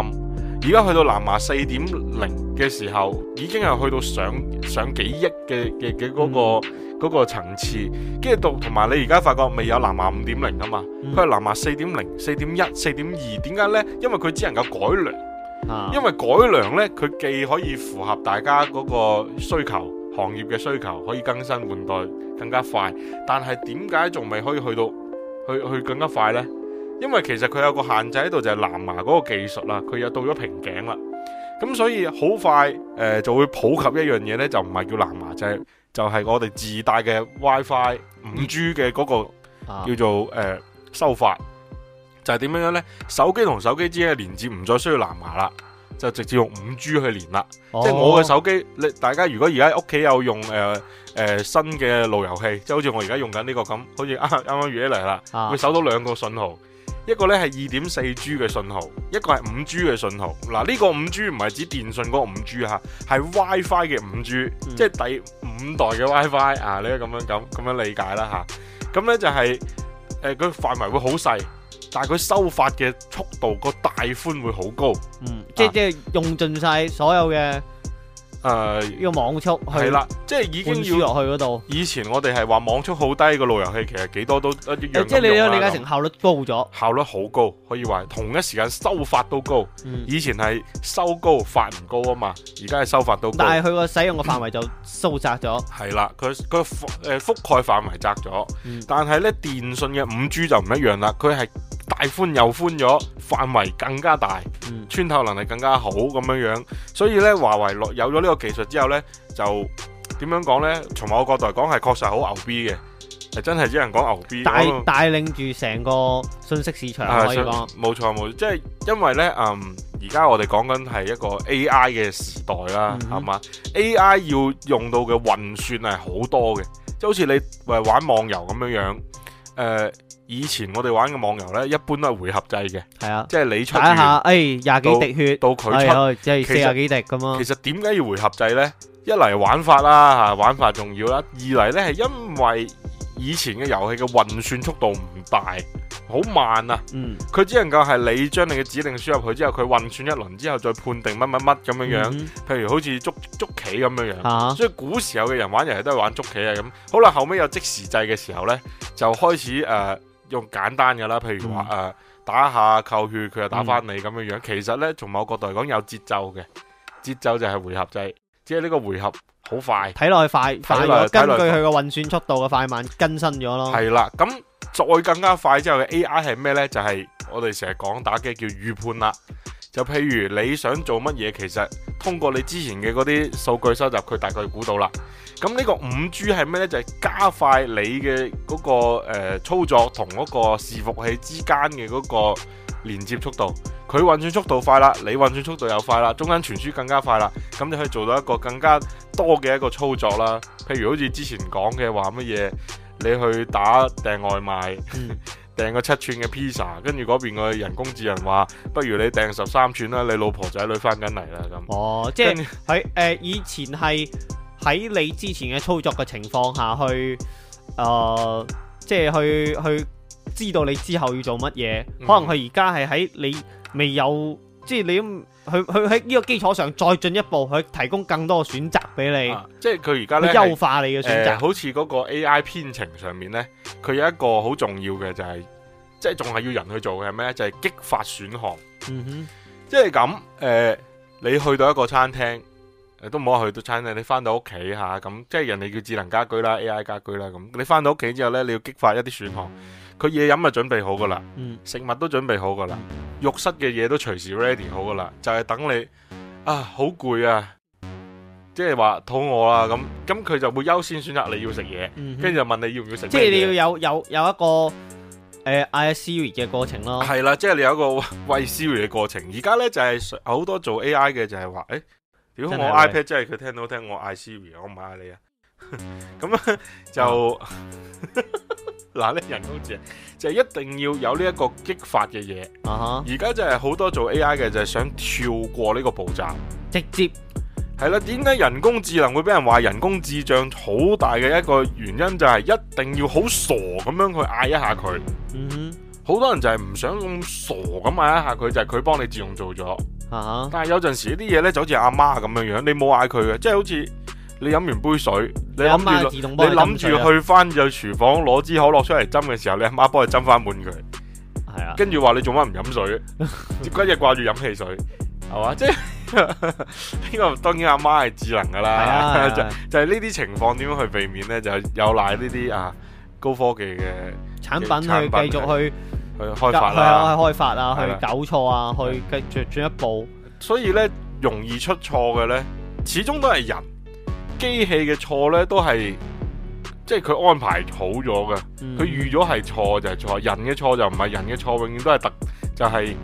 而家去到藍牙4.0嘅時候，已經係去到上上幾億嘅嘅嗰個、嗯、個層次。跟住到同埋你而家發覺未有藍牙5.0啊嘛，佢係藍牙4.0、4.1、4.2，點解呢？因為佢只能夠改良，因為改良呢，佢既可以符合大家嗰個需求、行業嘅需求，可以更新換代更加快。但係點解仲未可以去到去去更加快呢？因為其實佢有個限制喺度，就係、是、藍牙嗰個技術啦，佢又到咗瓶頸啦。咁所以好快誒、呃、就會普及一樣嘢呢就唔係叫藍牙，就係、是、就係、是、我哋自帶嘅 WiFi 五 G 嘅嗰、那個、啊、叫做誒、呃、收發，就係、是、點樣樣呢？手機同手機之間連接唔再需要藍牙啦，就直接用五 G 去連啦。哦、即係我嘅手機，你大家如果而家屋企有用誒誒、呃呃、新嘅路由器，即係好似我而家用緊、這、呢個咁，好似啱啱啱越嚟啦，啊、會搜到兩個信號。一個咧係二點四 G 嘅信號，一個係五 G 嘅信號。嗱、啊，呢、這個五 G 唔係指電信嗰個五 G 啊，係 WiFi 嘅五 G，、嗯、即係第五代嘅 WiFi 啊。你咁樣咁咁樣理解啦吓。咁、啊、咧就係、是、誒，佢範圍會好細，但係佢收發嘅速度個大寬會好高。嗯，但 即係即係用盡晒所有嘅。誒，呢個、呃、網速係啦，即係已經要落去度。以前我哋係話網速好低嘅路由器，其實幾多都一樣，啊呃、即係你可理解成效率高咗，效率好高，可以話同一時間收發都高。嗯、以前係收高發唔高啊嘛，而家係收發都高。但係佢個使用嘅範圍就收窄咗。係啦，佢個覆蓋範圍窄咗，嗯、但係咧電信嘅五 G 就唔一樣啦，佢係大寬又寬咗，範圍更加大，嗯、穿透能力更加好咁樣樣。所以咧，華為落有咗呢、這個技術之後呢，就點樣講呢？從某個角度嚟講，係確實好牛逼嘅，係真係只能講牛逼。帶帶領住成個信息市場可以講，冇錯冇錯，即係因為呢，嗯，而家我哋講緊係一個 AI 嘅時代啦，係嘛？AI 要用到嘅運算係好多嘅，即係好似你玩網遊咁樣樣。誒、呃，以前我哋玩嘅網遊呢，一般都係回合制嘅，係啊，即係你出一下，誒、哎，廿幾滴血到佢出，即係四廿幾滴咁咯、啊。其實點解要回合制呢？一嚟玩法啦，吓、啊、玩法重要啦；二嚟呢，係因為。以前嘅遊戲嘅運算速度唔大，好慢啊。佢、嗯、只能夠係你將你嘅指令輸入去之後，佢運算一輪之後再判定乜乜乜咁樣樣。嗯、譬如好似捉捉棋咁樣樣，啊、所以古時候嘅人玩遊戲都係玩捉棋啊。咁好啦，後尾有即時制嘅時候呢，就開始誒、呃、用簡單嘅啦。譬如話誒、嗯呃、打下扣血，佢又打返你咁樣樣。嗯、其實呢，從某個角度嚟講，有節奏嘅節奏就係回合制，即係呢個回合。好快，睇落去快，快咗略。根據佢個運算速度嘅快慢更新咗咯。係啦，咁再更加快之後嘅 AI 係咩呢？就係、是、我哋成日講打機叫預判啦。就譬如你想做乜嘢，其實通過你之前嘅嗰啲數據收集，佢大概估到啦。咁呢個五 G 係咩呢？就係、是、加快你嘅嗰個操作同嗰個伺服器之間嘅嗰個連接速度。佢運算速度快啦，你運算速度又快啦，中間傳輸更加快啦，咁你可以做到一個更加多嘅一個操作啦。譬如好似之前講嘅話乜嘢，你去打訂外賣，嗯、訂個七吋嘅披薩，跟住嗰邊個人工智能話，不如你訂十三吋啦，你老婆仔女返緊嚟啦咁。哦，即係喺後、呃、以前係喺你之前嘅操作嘅情況下去，呃、即係去去知道你之後要做乜嘢，嗯、可能佢而家係喺你。未有，即係你佢佢喺呢個基礎上再進一步，去提供更多嘅選擇俾你。啊、即係佢而家咧優化你嘅選擇、呃。好似嗰個 A I 編程上面呢，佢有一個好重要嘅就係、是，即係仲係要人去做嘅係咩就係、是、激發選項。嗯哼。即係咁，誒、呃，你去到一個餐廳，都唔好話去到餐廳，你翻到屋企吓咁，即係人哋叫智能家居啦，A I 家居啦咁，你翻到屋企之後呢，你要激發一啲選項。佢嘢飲咪準備好噶啦，嗯、食物都準備好噶啦，嗯、浴室嘅嘢都隨時 ready 好噶啦，就係、是、等你啊，好攰啊，即係話肚餓啦咁，咁佢就會優先選擇你要食嘢，跟住、嗯、就問你要唔要食、嗯哼。即係你要有有有一個誒，嗌、呃、Siri 嘅過程咯。係啦，即、就、係、是、你有一個喂 Siri 嘅過程。而家呢，就係好多做 AI 嘅就係話，誒、欸，屌我 iPad 真係佢聽到聽我嗌 Siri，我唔嗌你啊。咁 <laughs> 就。嗯嗱，呢人工智能就係、一定要有呢一個激發嘅嘢。而家、uh huh. 就係好多做 AI 嘅就係想跳過呢個步驟，直接係啦。點解人工智能會俾人話人工智障？好大嘅一個原因就係一定要好傻咁樣去嗌一下佢。嗯、uh，好、huh. 多人就係唔想咁傻咁嗌一下佢，就係、是、佢幫你自動做咗。嚇、uh！Huh. 但係有陣時啲嘢呢，就好似阿媽咁樣樣，你冇嗌佢嘅，即、就、係、是、好似。你飲完杯水，你諗住，你諗住去翻入廚房攞支可樂出嚟斟嘅時候，你阿媽幫你斟翻滿佢，係啊，跟住話你做乜唔飲水，只骨嘢掛住飲汽水，係嘛？即係呢個當然阿媽係智能噶啦，就就係呢啲情況點樣去避免咧？就係有賴呢啲啊高科技嘅產品去繼續去去開發啦，去開發啊，去搞錯啊，去繼續進一步。所以咧，容易出錯嘅咧，始終都係人。機器嘅錯咧，都係即係佢安排好咗噶，佢預咗係錯就係、是、錯，人嘅錯就唔係人嘅錯，永遠都係特就係、是、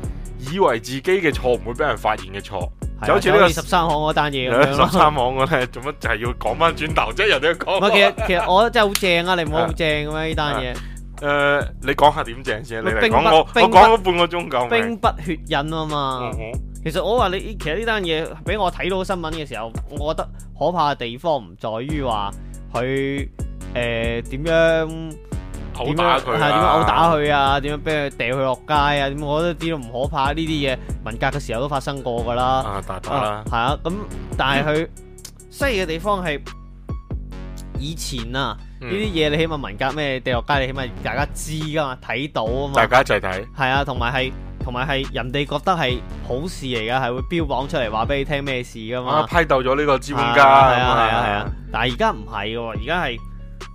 以為自己嘅錯唔會俾人發現嘅錯，啊、就好似呢個十三行嗰單嘢咁十三行嗰咧，做乜就係要講翻轉頭，即係人哋都要講。其實其實我真係好正啊，你唔好好正嘅、啊、咩？呢單嘢，誒件、啊呃，你講下點正先、啊？你嚟講我，我講咗半個鐘咁。兵不血刃啊嘛。嗯其實我話你，其實呢單嘢，俾我睇到新聞嘅時候，我覺得可怕嘅地方唔在於話佢誒點樣打佢，係點樣毆打佢啊，點樣俾佢掉佢落街啊，我覺得啲都唔可怕，呢啲嘢，文革嘅時候都發生過噶啦。係啊，咁、啊啊、但係佢犀利嘅地方係以前啊，呢啲嘢你起碼文革咩掉落街，你起碼大家知噶嘛，睇到啊嘛。大家一齊睇係啊，同埋係。同埋係人哋覺得係好事嚟噶，係會標榜出嚟話俾你聽咩事噶嘛、啊？批鬥咗呢個資本家，係啊係啊係啊，但係而家唔係喎，而家係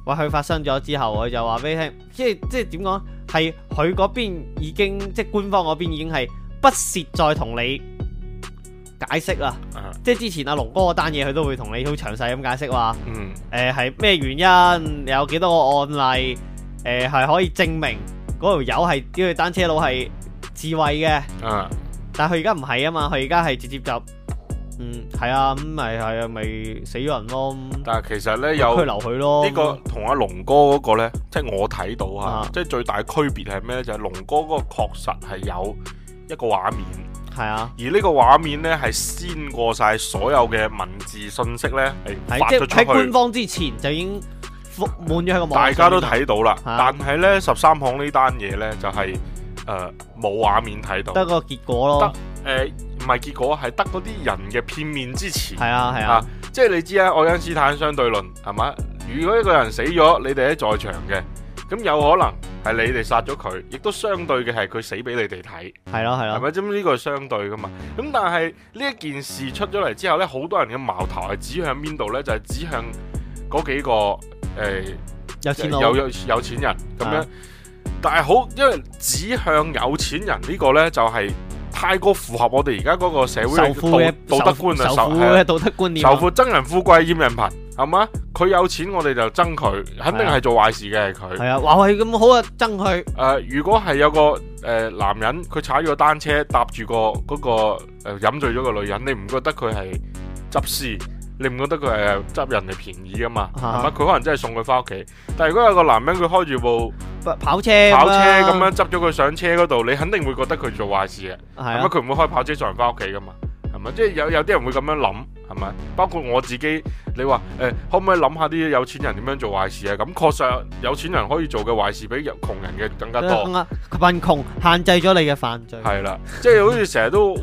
話佢發生咗之後，佢就話俾你聽，即係即係點講係佢嗰邊已經即係官方嗰邊已經係不屑再同你解釋啦。啊、即係之前阿龍哥嗰單嘢，佢都會同你好詳細咁解釋話，誒係咩原因，有幾多個案例，誒、呃、係可以證明嗰條友係呢個單車佬係。智慧嘅，嗯、但係佢而家唔係啊嘛，佢而家係直接就，嗯，係啊，咁咪係啊，咪、啊啊啊、死咗人咯、嗯、去去咯。但係其實咧有，呢個同阿龍哥嗰個咧，即係我睇到啊，即係、嗯、最大區別係咩咧？就係、是、龍哥嗰個確實係有一個畫面，係、嗯、啊，而這個畫呢個畫面咧係先過晒所有嘅文字信息咧，係即係喺官方之前就已經覆滿咗喺個網，大家都睇到啦。嗯、但係咧十三行呢單嘢咧就係、是。誒，冇畫、呃、面睇到，得個結果咯。得誒、唔、呃、係結果，係得嗰啲人嘅片面之詞。係啊係啊，啊，即係你知啊，愛因斯坦相對論，係嘛？如果一個人死咗，你哋喺在場嘅，咁有可能係你哋殺咗佢，亦都相對嘅係佢死俾你哋睇。係咯係咯，係咪、啊？咁呢個係相對噶嘛？咁但係呢一件事出咗嚟之後咧，好多人嘅矛頭係指向邊度咧？就係、是、指向嗰幾個誒、呃、有錢有有有錢人咁樣。但係好，因為指向有錢人呢個呢，就係、是、太過符合我哋而家嗰個社會的道、的道德觀啊，仇富道德觀念，啊，仇富憎，人富貴，厭人貧。係咪佢有錢，我哋就憎佢，肯定係做壞事嘅佢。係啊，話係咁好啊，憎佢。誒、呃，如果係有個誒、呃、男人，佢踩個單車搭住那個嗰個誒飲醉咗嘅女人，你唔覺得佢係執事？你唔覺得佢係執人哋便宜噶嘛？係咪、啊？佢可能真係送佢翻屋企。但係如果有個男人佢開住部。跑車，跑車咁樣執咗佢上車嗰度，你肯定會覺得佢做壞事嘅。係啊，咁佢唔會開跑車坐人翻屋企噶嘛，係咪？即係有有啲人會咁樣諗，係咪？包括我自己，你話誒、欸，可唔可以諗下啲有錢人點樣做壞事啊？咁確實有錢人可以做嘅壞事比窮人嘅更加多。貧窮、啊、限制咗你嘅犯罪。係啦、啊，即係好似成日都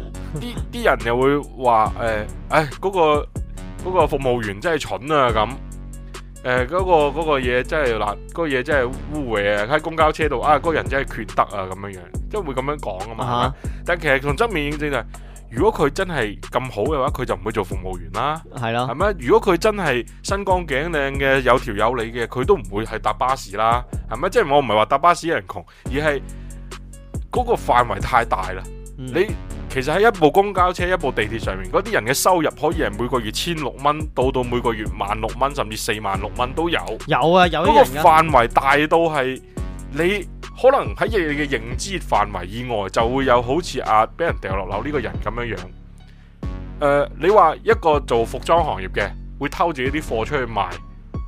啲啲 <laughs> 人又會話誒，唉、欸，嗰、哎嗰個、嗰個服務員真係蠢啊咁。誒，嗰、呃嗰個、嗰個嘢真係嗱，嗰個嘢真係污穢啊！喺公交車度啊，嗰、嗰個、人真係缺德啊，咁樣樣，即係會咁樣講啊嘛。但其實從側面認證，就係，如果佢真係咁好嘅話，佢就唔會做服務員啦。係咯，uh-huh，係咪？如果佢真係身光頸靚嘅，有條有理嘅，佢都唔會係搭巴士啦。係咪？即係我唔係話搭巴士的人窮，而係嗰個範圍太大啦。你其實喺一部公交車、一部地鐵上面，嗰啲人嘅收入可以係每個月千六蚊，到到每個月萬六蚊，甚至四萬六蚊都有。有啊，有嗰、啊、個範圍大到係你可能喺你嘅認知範圍以外，就會有好似啊，俾人掉落樓呢個人咁樣樣。誒、呃，你話一個做服裝行業嘅會偷自己啲貨出去賣，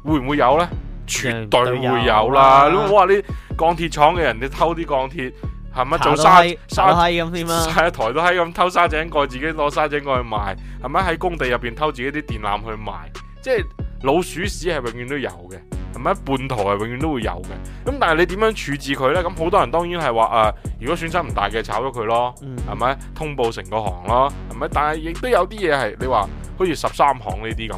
會唔會有呢？絕對，有、啊、絕對會有啦。咁我話啲鋼鐵廠嘅人，你偷啲鋼鐵。係咪做晒？晒咁先啊？係啊，台都係咁偷沙井蓋，自己攞沙井蓋去賣是。係咪喺工地入邊偷自己啲電纜去賣？即係老鼠屎係永遠都有嘅。係咪叛徒係永遠都會有嘅？咁但係你點樣處置佢呢？咁好多人當然係話啊，如果損失唔大嘅，炒咗佢咯。係咪通報成個行咯？係咪？但係亦都有啲嘢係你話，好似十三行呢啲咁，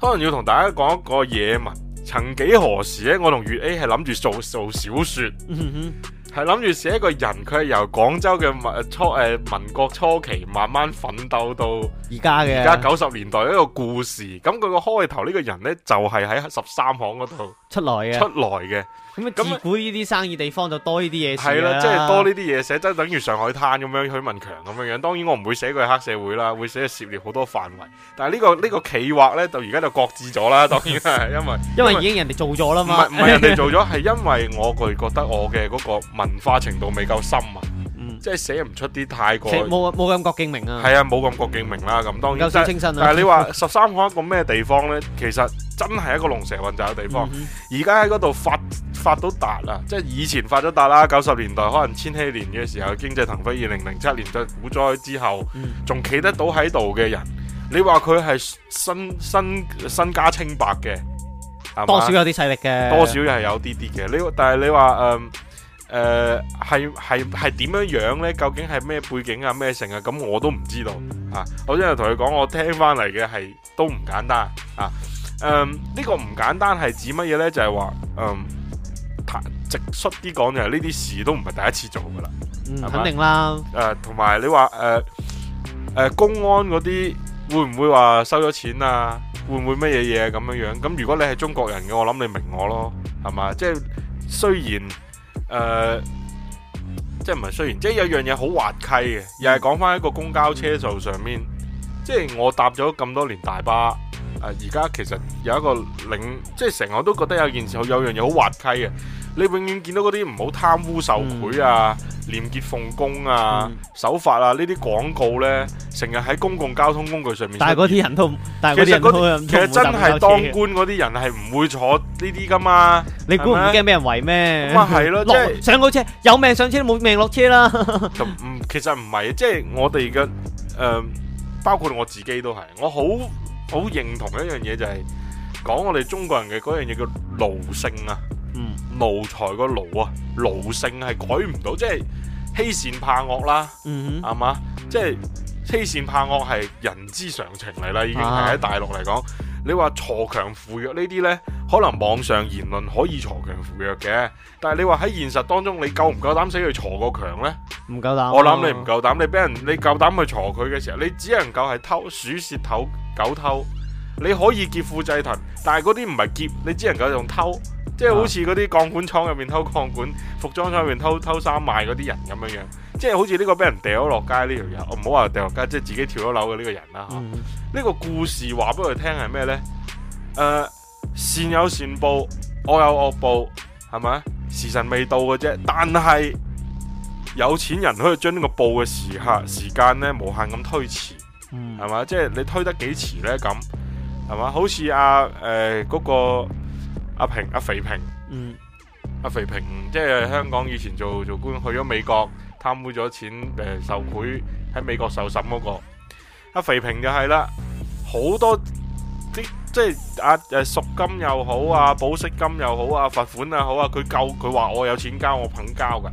可能要同大家講一個嘢嘛。曾幾何時呢？我同月 A 係諗住做做小説。嗯係諗住寫一個人，佢係由廣州嘅民國初期慢慢奮鬥到而家嘅，而家九十年代的一個故事。咁佢個開頭呢個人呢，就係喺十三行嗰度出來嘅，出來嘅。咁啊，自古呢啲生意地方就多呢啲嘢。係啦的，的即係多呢啲嘢寫，即係等於上海灘咁樣，許文強咁樣樣。當然我唔會寫佢係黑社會啦，會寫佢涉獵好多範圍。但係、呢、呢個呢、呢個企劃咧，就而家就擱置咗啦。 <laughs> 當然係因為因為已經人哋做咗啦嘛。唔係人哋做咗，係 <laughs> 因為我佢覺得我嘅嗰個文化程度未夠深啊。即係寫唔出啲太過冇冇咁郭敬明啊，係啊冇咁郭敬明啦咁當然有、就、少少、是、清新、啊、但係你話十三行一個咩地方呢？其實真係一個龍蛇混雜嘅地方。而家喺嗰度發發到達啦，即係以前發咗達啦。九十年代可能千禧年嘅時候經濟騰飛，二零零七年就股災之後，仲企、嗯、得到喺度嘅人，你話佢係身身身家清白嘅，是多少有啲勢力嘅，多少又係有啲啲嘅。是的你但係你話誒？嗯誒，係係係點樣樣呢？究竟係咩背景啊？咩成啊？咁我都唔知道啊。我先同佢講，我聽翻嚟嘅係都唔簡單啊。啊嗯，呢個唔簡單係指乜嘢呢？就係話，嗯，直率啲講就係呢啲事都唔係第一次做噶啦，嗯、係吧？肯定啦、呃。誒，同埋你話誒誒，公安嗰啲會唔會話收咗錢啊？會唔會乜嘢嘢咁樣樣？咁如果你係中國人嘅，我諗你明我咯，係嘛？即係雖然。誒、呃，即係唔係？雖然即係有樣嘢好滑稽嘅，又係講翻一個公交車座上面，嗯、即係我搭咗咁多年大巴，誒、呃，而家其實有一個領，即係成我都覺得有件事，好有樣嘢好滑稽嘅，你永遠見到嗰啲唔好貪污受賄啊！嗯啊廉潔奉公啊，守法啊，呢啲廣告咧，成日喺公共交通工具上面。但係嗰啲人都，但係嗰啲人都其實真係當官嗰啲人係唔會坐呢啲㗎嘛，你估唔驚俾人圍咩？咁啊係咯，即係上到車有命上車冇命落車啦。就唔，其實唔係，即係我哋嘅誒，包括我自己都係，我好好認同一樣嘢就係講我哋中國人嘅嗰樣嘢叫奴性啊。.嗯、奴才個奴啊，奴性係改唔到，即係欺善怕惡啦，係嘛、嗯哼？即係欺善怕惡係人之常情嚟啦，已經喺大陸嚟講，啊、你話鋤強扶弱呢啲呢，可能網上言論可以鋤強扶弱嘅，但係你話喺現實當中，你夠唔夠膽死去鋤個強呢？唔夠膽啊，唔夠膽。我諗你唔夠膽，你俾人你夠膽去鋤佢嘅時候，你只能夠係偷鼠竊偷狗偷，你可以劫富濟貧，但係嗰啲唔係劫，你只能夠用偷。即係好似嗰啲鋼管廠入面偷鋼管、服裝廠入面偷偷衫賣嗰啲人咁樣樣，即係好似呢個俾人掉咗落街呢條友，我唔好話掉落街，即係自己跳咗樓嘅呢個人啦。呢、嗯啊這個故事話俾佢聽係咩呢？誒、呃，善有善報，惡有惡報，係咪？時辰未到嘅啫，但係有錢人可以將呢個報嘅時刻、嗯、時間咧無限咁推遲，係咪？嗯、即係你推得幾遲呢？咁係嘛？好似阿誒嗰個。阿平、阿肥平，嗯，阿肥平即係香港以前做做官，去咗美國貪污咗錢，誒、呃，受賄喺美國受審嗰個，阿肥平就係啦，好多即即係啊誒贖金又好啊，保釋金又好啊，罰款又好啊，佢夠佢話我有錢交，我肯交噶，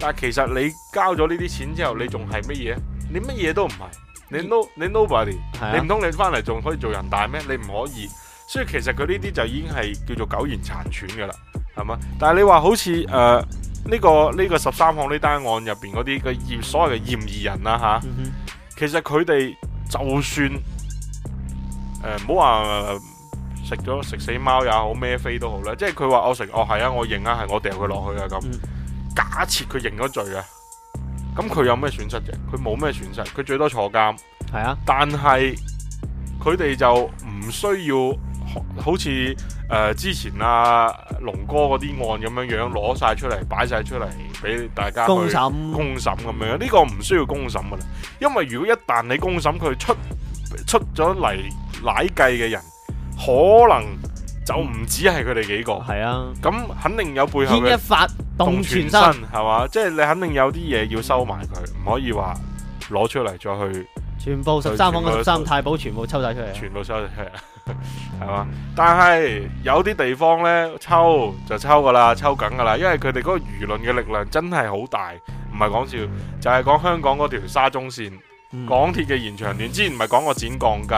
但係其實你交咗呢啲錢之後，你仲係乜嘢？你乜嘢都唔係，你 no 你 nobody，啊、你唔通你翻嚟仲可以做人大咩？你唔可以。所以其實佢呢啲就已經係叫做苟延殘喘嘅啦，係嘛？但係你話好似誒呢個呢、這個十三項呢單案入邊嗰啲嘅嫌所謂嘅嫌疑人啦、啊，吓、啊？嗯、哼其實佢哋就算誒唔好話食咗食死貓也好，孭飛都好咧，即係佢話我食，哦係啊，我認啊，係我掉佢落去啊咁。嗯、假設佢認咗罪啊，咁佢有咩損失啫？佢冇咩損失，佢最多坐監係啊。但係佢哋就唔需要。好似誒、呃、之前阿、啊、龍哥嗰啲案咁樣樣攞晒出嚟，擺晒出嚟俾大家公審公審咁樣，呢、這個唔需要公審噶啦，因為如果一旦你公審佢出出咗嚟乃計嘅人，可能就唔止係佢哋幾個，係啊，咁肯定有背後牽一髮動全身，係嘛？即係你肯定有啲嘢要收埋佢，唔、嗯、可以話攞出嚟再去全部十三房嘅十三太保全部抽晒出嚟，全部收晒出嚟。係嘛？但係有啲地方呢，抽就抽噶啦，抽緊噶啦，因為佢哋嗰個輿論嘅力量真係好大，唔係講笑，就係、是、講香港嗰條沙中線，嗯、港鐵嘅延長段，之前唔係講過剪鋼筋，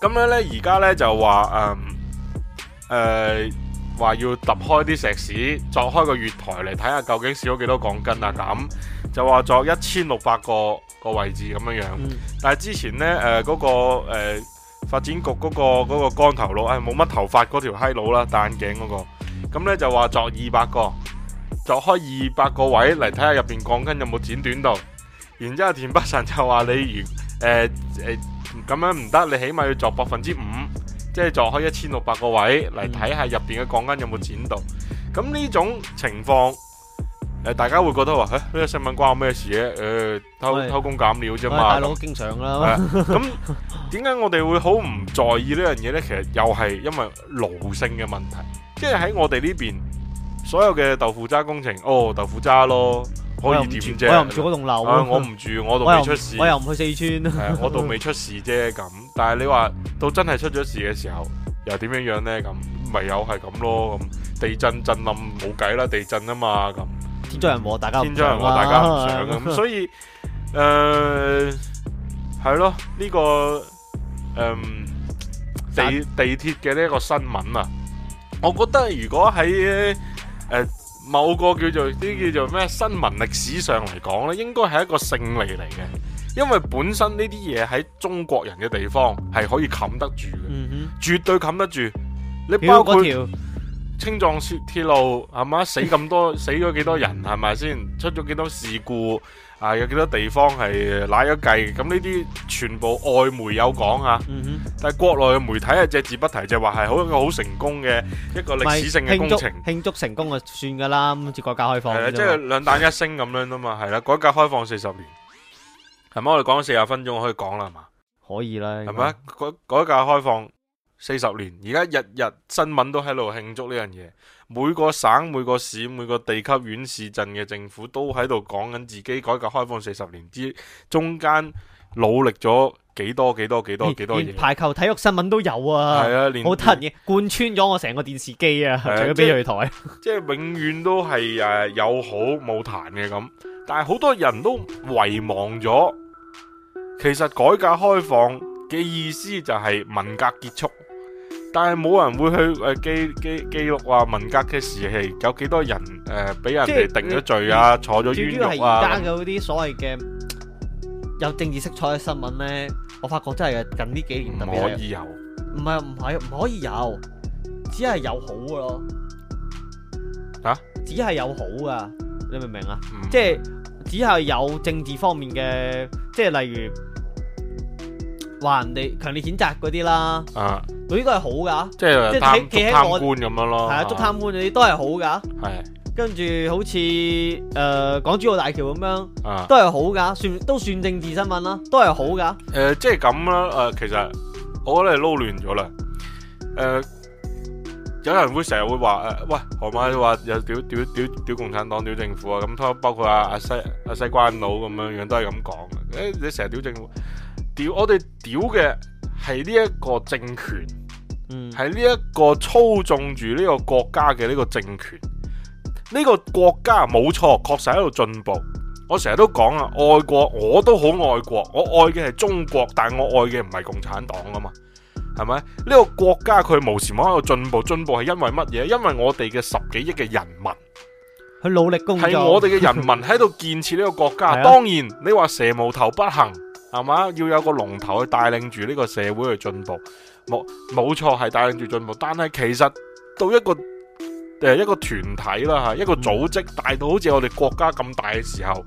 咁樣呢而家呢，就話誒誒話要揼開啲石屎，鑿開個月台嚟睇下究竟少咗幾多鋼筋啊？咁就話鑿一千六百個個位置咁樣樣，嗯、但係之前呢，誒、呃、嗰、嗰個誒。呃發展局嗰個嗰個光頭佬，係冇乜頭髮嗰條閪佬啦，戴眼鏡嗰個，咁呢就話鑿二百個，鑿開二百個位嚟睇下入邊鋼筋有冇剪短到，然之後田北辰就話你如誒誒咁樣唔得，你起碼要鑿百分之五，即係鑿開一千六百個位嚟睇下入邊嘅鋼筋有冇剪到，咁呢種情況。誒，大家會覺得話，誒呢個新聞關我咩事嘅？誒、欸，偷是偷工減料啫嘛。大佬好經常啦。咁點解我哋會好唔在意樣呢樣嘢咧？其實又係因為奴性嘅問題，即係喺我哋呢邊所有嘅豆腐渣工程，哦豆腐渣咯，可以點啫？我又唔住嗰棟樓啊！我唔住我度，未出事，我又唔去四川、嗯。我度未出事啫。咁、嗯， <laughs> 但係你話到真係出咗事嘅時候，又點樣樣咧？咁咪又係咁咯？咁地震震冧冇計啦，地震啊嘛咁。天災人禍，大家唔想啦、啊。咁、啊、 <laughs> 所以，誒、呃，係咯，呢、這個誒、呃、地地鐵嘅呢個新聞啊，我覺得如果喺誒、呃、某個叫做呢叫做咩新聞歷史上嚟講咧，應該係一個勝利嚟嘅，因為本身呢啲嘢喺中國人嘅地方係可以冚得住嘅，嗯、哼絕對冚得住。你包括青藏雪鐵路係嘛死咁多死咗幾多人係咪先出咗幾多事故啊有幾多地方係拉咗計咁呢啲全部外媒有講啊，但係國內嘅媒體係隻字不提，就話係好一個好成功嘅一個歷史性嘅工程。慶祝慶祝成功就算噶啦，咁似改革開放。係啦，即係兩彈一星咁樣啊嘛，係啦，改革開放四十年，係嘛我哋講咗四十分鐘我可以講啦，係嘛可以啦，係嘛改改革開放。四十年，而家日日新聞都喺度慶祝呢樣嘢，每個省、每個市、每個地級縣市鎮嘅政府都喺度講緊自己改革開放四十年之中間努力咗幾多幾多幾多幾多嘢，連排球體育新聞都有啊，係啊，連好嘅貫穿咗我成個電視機啊，除咗翡翠台即， <laughs> 即係永遠都係誒有好冇彈嘅咁，但係好多人都遺忘咗，其實改革開放嘅意思就係文革結束。但係冇人會去誒、呃、記記記錄話文革嘅時期有幾多人誒俾、呃、人哋定咗罪啊是坐咗冤獄啊！主要係而家嘅嗰啲所謂嘅有政治色彩嘅新聞咧，我發覺真係近呢幾年特別係唔可以有，唔係唔係唔可以有，只係有好嘅咯吓，啊、只係有好噶，你明唔明啊？嗯、即係只係有政治方面嘅，即係例如話人哋強烈譴責嗰啲啦啊。佢呢個係好噶，即係即係捉貪官咁樣咯，係啊，是啊捉貪官嗰啲都係好噶，係、啊。跟住好似誒、呃、港珠澳大橋咁樣，是啊、都係好噶，算都算政治新聞啦，都係好噶。誒、呃，即係咁啦，誒、呃，其實我覺得係撈亂咗啦。誒、呃，有人會成日會話誒，喂、呃，何馬話有屌屌屌屌共產黨屌政府啊，咁包括阿、啊、阿、啊、西阿、啊、西關佬咁樣都樣都係咁講嘅。誒、欸，你成日屌政府，屌我哋屌嘅。係呢一個政權，嗯，係呢一個操縱住呢個國家嘅呢個政權。呢個國家冇錯，確實喺度進步。我成日都講啊，愛國我都好愛國，我愛嘅係中國，但係我愛嘅唔係共產黨㗎嘛，係咪？呢、呢個國家佢無時無刻喺度進步，進步係因為乜嘢？因為我哋嘅十幾億嘅人民去努力工作，係我哋嘅人民喺度建設呢個國家。啊、當然，你話蛇無頭不行。係嘛，要有個龍頭去帶領住呢個社會去進步沒，冇冇錯係帶領住進步。但係其實到一個誒一個團體啦吓，一個組織大到好似我哋國家咁大嘅時候，呢、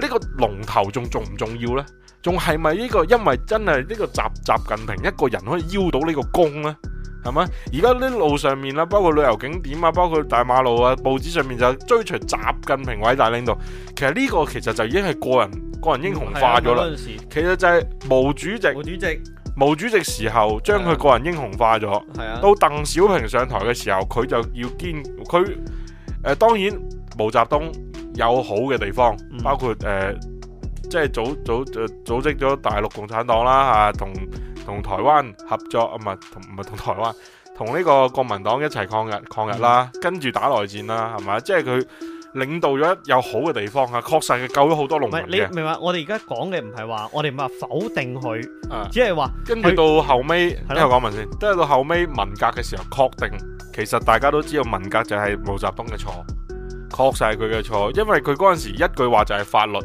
呢個龍頭仲重唔重要咧？仲係咪呢個因為真係呢個習習近平一個人可以邀到呢個功呢個功呢係嘛？而家啲路上面啦，包括旅遊景點啊，包括大馬路啊，報紙上面就追隨習近平偉大領導。其實呢個其實就已經係個人個人英雄化咗啦。嗯是啊、其實就係毛主席，毛主席，毛主席時候將佢個人英雄化咗。啊啊、到鄧小平上台嘅時候，佢就要堅佢。誒、呃、當然，毛澤東有好嘅地方，嗯、包括誒即係組組組，組織咗大陸共產黨啦嚇同。啊同台灣合作啊，唔係同唔係同台灣，同呢個國民黨一齊抗日、抗日啦，跟住打內戰啦，係咪？即係佢領導咗有好嘅地方啊，確實佢救咗好多農民嘅。你明白？我哋而家講嘅唔係話我哋唔係否定佢，只係話跟住到後尾。等我講完先。即係到後尾文革嘅時候，確定其實大家都知道，文革就係毛澤東嘅錯，確實係佢嘅錯，因為佢嗰陣時一句話就係法律。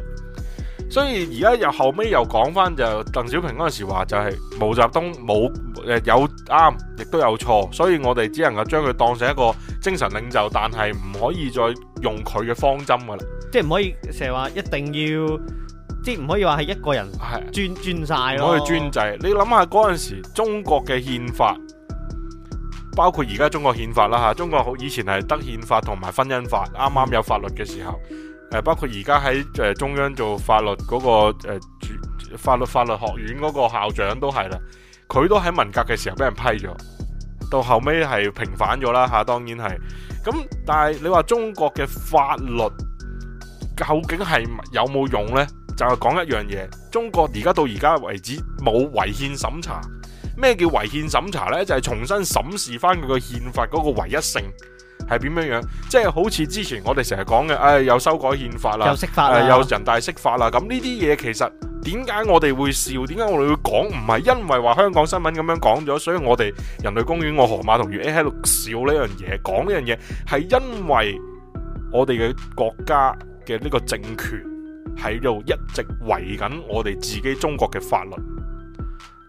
所以而家又後尾又講返就鄧小平嗰陣時話就係毛澤東冇誒有啱，亦都有錯，所以我哋只能夠將佢當成一個精神領袖，但係唔可以再用佢嘅方針噶啦，即係唔可以成日話一定要，即係唔可以話係一個人係專晒咯，唔的轉可以專制。你諗下嗰陣時候中國嘅憲法，包括而家中國憲法啦吓，中國好以前係得憲法同埋婚姻法，啱啱有法律嘅時候。誒，包括而家喺誒中央做法律嗰、那個誒主、呃、法律法律學院嗰個校長都係啦，佢都喺文革嘅時候俾人批咗，到後尾係平反咗啦吓，當然係。咁但係你話中國嘅法律究竟係有冇用呢？就係、是、講一樣嘢，中國而家到而家為止冇違憲審查。咩叫違憲審查呢？就係、是、重新審視翻佢個憲法嗰個唯一性。係點樣樣？即係好似之前我哋成日講嘅，誒、哎，又修改憲法啦，又、呃、人大釋法啦。咁呢啲嘢其實點解我哋會笑？點解我哋會講？唔係因為話香港新聞咁樣講咗，所以我哋人類公園我河馬同月 A 喺度笑呢樣嘢，講呢樣嘢，係因為我哋嘅國家嘅呢個政權喺度一直違緊我哋自己中國嘅法律。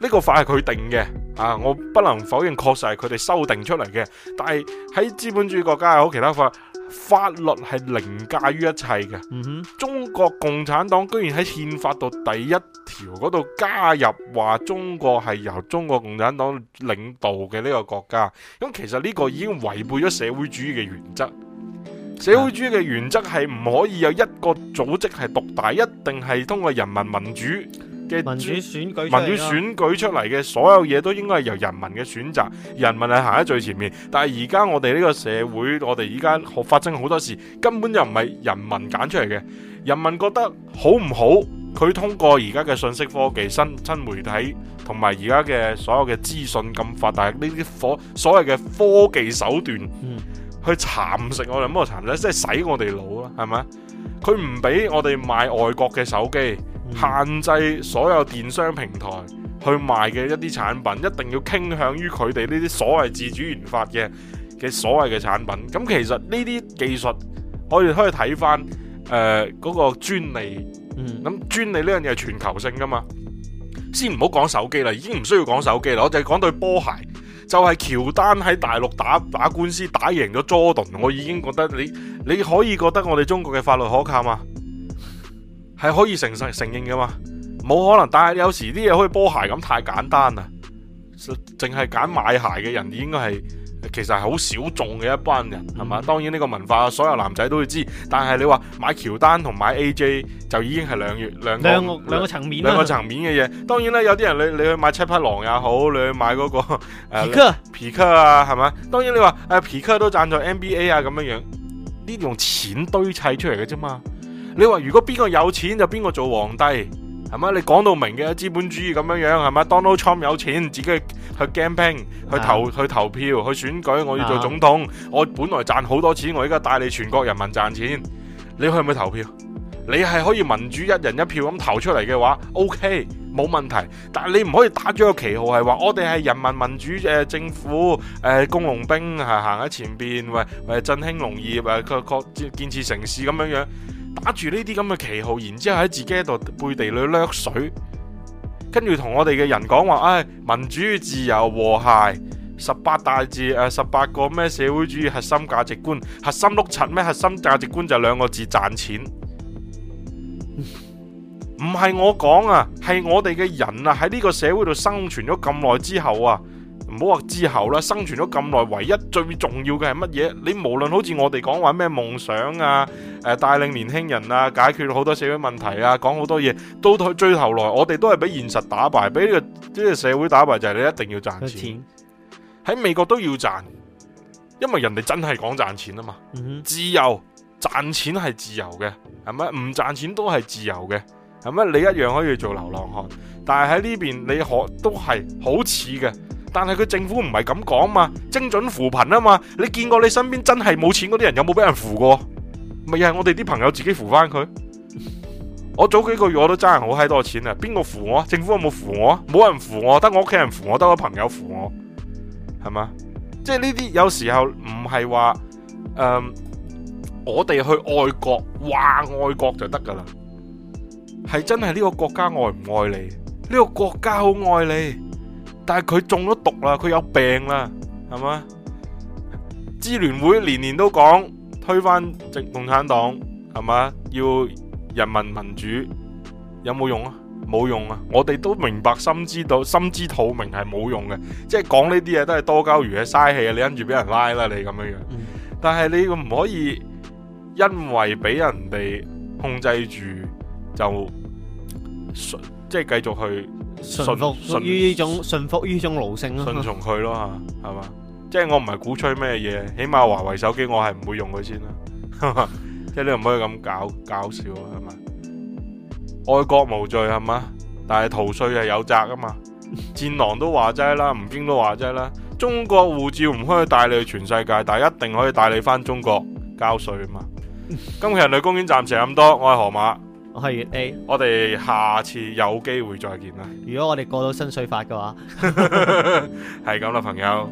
呢個法係佢定嘅，啊，我不能否認，確實係佢哋修訂出嚟嘅。但係喺資本主義國家又好，其他法律法律係凌駕於一切嘅。中國共產黨居然喺憲法度第一條嗰度加入話中國係由中國共產黨領導嘅呢個國家，咁其實呢個已經違背咗社會主義嘅原則。社會主義嘅原則係唔可以有一個組織係獨大，一定係通過人民民主，民主選舉，民主選舉出嚟嘅所有嘢都應該係由人民嘅選擇，人民係行喺最前面。但係而家我哋呢個社會，我哋而家發生好多事，根本就唔係人民揀出嚟嘅。人民覺得好唔好，佢通過而家嘅信息科技、新新媒體同埋而家嘅所有嘅資訊咁發達。但呢啲科所謂嘅科技手段，去蠶食我哋，乜嘢蠶食？即係洗我哋腦啦，係咪？佢唔俾我哋賣外國嘅手機。限制所有電商平台去賣嘅一啲產品，一定要傾向於佢哋呢啲所謂自主研發嘅嘅所謂嘅產品。咁其實呢啲技術，我哋可以睇翻誒嗰個專利。咁、嗯、專利呢樣嘢係全球性噶嘛？先唔好講手機啦，已經唔需要講手機啦。我就係講對波鞋，就係喬丹喺大陸打打官司打贏咗 Jordan。我已經覺得你你可以覺得我哋中國嘅法律可靠嗎？係可以承承承認嘅嘛，冇可能。但係有時啲嘢可以波鞋咁太簡單啦，淨係揀買鞋嘅人應該係其實係好小眾嘅一班人，係嘛、嗯？當然呢個文化，所有男仔都會知。但係你話買喬丹同買 AJ 就已經係兩月兩個兩個兩個層面兩、啊、個層面嘅嘢。當然啦，有啲人你你去買七匹狼也好，你去買嗰、那個、啊、皮克皮克啊，係咪？當然你話誒、啊、皮克都贊助 NBA 啊，咁樣樣，呢啲用錢堆砌出嚟嘅啫嘛。你話如果邊個有錢就邊個做皇帝，係咪？你講到明嘅資本主義咁樣樣，係咪？Donald Trump 有錢，自己去 campaign，去投 Yeah. 去投票去選舉，我要做總統。Yeah. 我本來賺好多錢，我依家帶你全國人民賺錢，你去唔去投票？你係可以民主一人一票咁投出嚟嘅話，OK，冇問題。但係你唔可以打咗個旗號係話我哋係人民民主政府誒、呃，工農兵係行喺前邊，喂，振興農業，建建設城市咁樣樣。打住呢啲咁嘅旗號，然之後喺自己喺度背地裏掠水，跟住同我哋嘅人講話，唉、哎，民主、自由、和諧，十八大字，誒，十八個咩社會主義核心價值觀，核心碌柒咩？核心價值觀就兩個字賺錢，唔 <laughs> 係我講啊，係我哋嘅人啊喺呢個社會度生存咗咁耐之後啊。唔好話之後啦，生存咗咁耐，唯一最重要嘅係乜嘢？你無論好似我哋講話咩夢想啊，誒帶領年輕人啊，解決好多社會問題啊，講好多嘢，到最後來，我哋都係俾現實打敗，俾呢個呢個社會打敗，就係你一定要賺錢。喺錢美國都要賺，因為人哋真係講賺錢啊嘛。自由，賺錢係自由嘅，係咪？唔賺錢都係自由嘅，係咪？你一樣可以做流浪漢，但係喺呢邊你學都係好似嘅。但係佢政府唔係咁講嘛，精準扶貧啊嘛，你見過你身邊真係冇錢嗰啲人有冇俾人扶過？咪又係我哋啲朋友自己扶翻佢。 <laughs> 我早幾個月我都爭人好閪多錢啦，邊個扶我？政府有冇扶我？冇人扶我，得我屋企人扶我，得我朋友扶我，係嘛？即係呢啲有時候唔係話誒，我哋去愛國話愛國就得噶啦，係真係呢個國家愛唔愛你？呢、呢個國家好愛你。但係佢中咗毒啦，佢有病啦，係嘛？支聯會年年都講推翻直共產黨，係嘛？要人民民主有冇用啊？冇用啊！我哋都明白，心知道，心知肚明係冇用嘅。即係講呢啲嘢都係多鳩餘嘅，嘥氣啊！你跟住俾人拉啦，你咁樣樣。但係你唔可以因為俾人哋控制住就即係繼續去。順服於呢種順服於呢種奴性咯，順從佢咯吓，係嘛？即係我唔係鼓吹咩嘢，起碼華為手機我係唔會用佢先啦，是 <laughs> 即係你唔可以咁搞搞笑係嘛？愛國無罪係嘛？但係逃稅係有責噶嘛？戰狼都話齋啦，吳京都話齋啦，中國護照唔可以帶你去全世界，但係一定可以帶你翻中國交稅啊嘛？是 <laughs> 今期人類公園暫時咁多，我係河馬。我係月 A，我哋下次有機會再見啦。如果我哋過到新水法嘅話，係咁啦，朋友。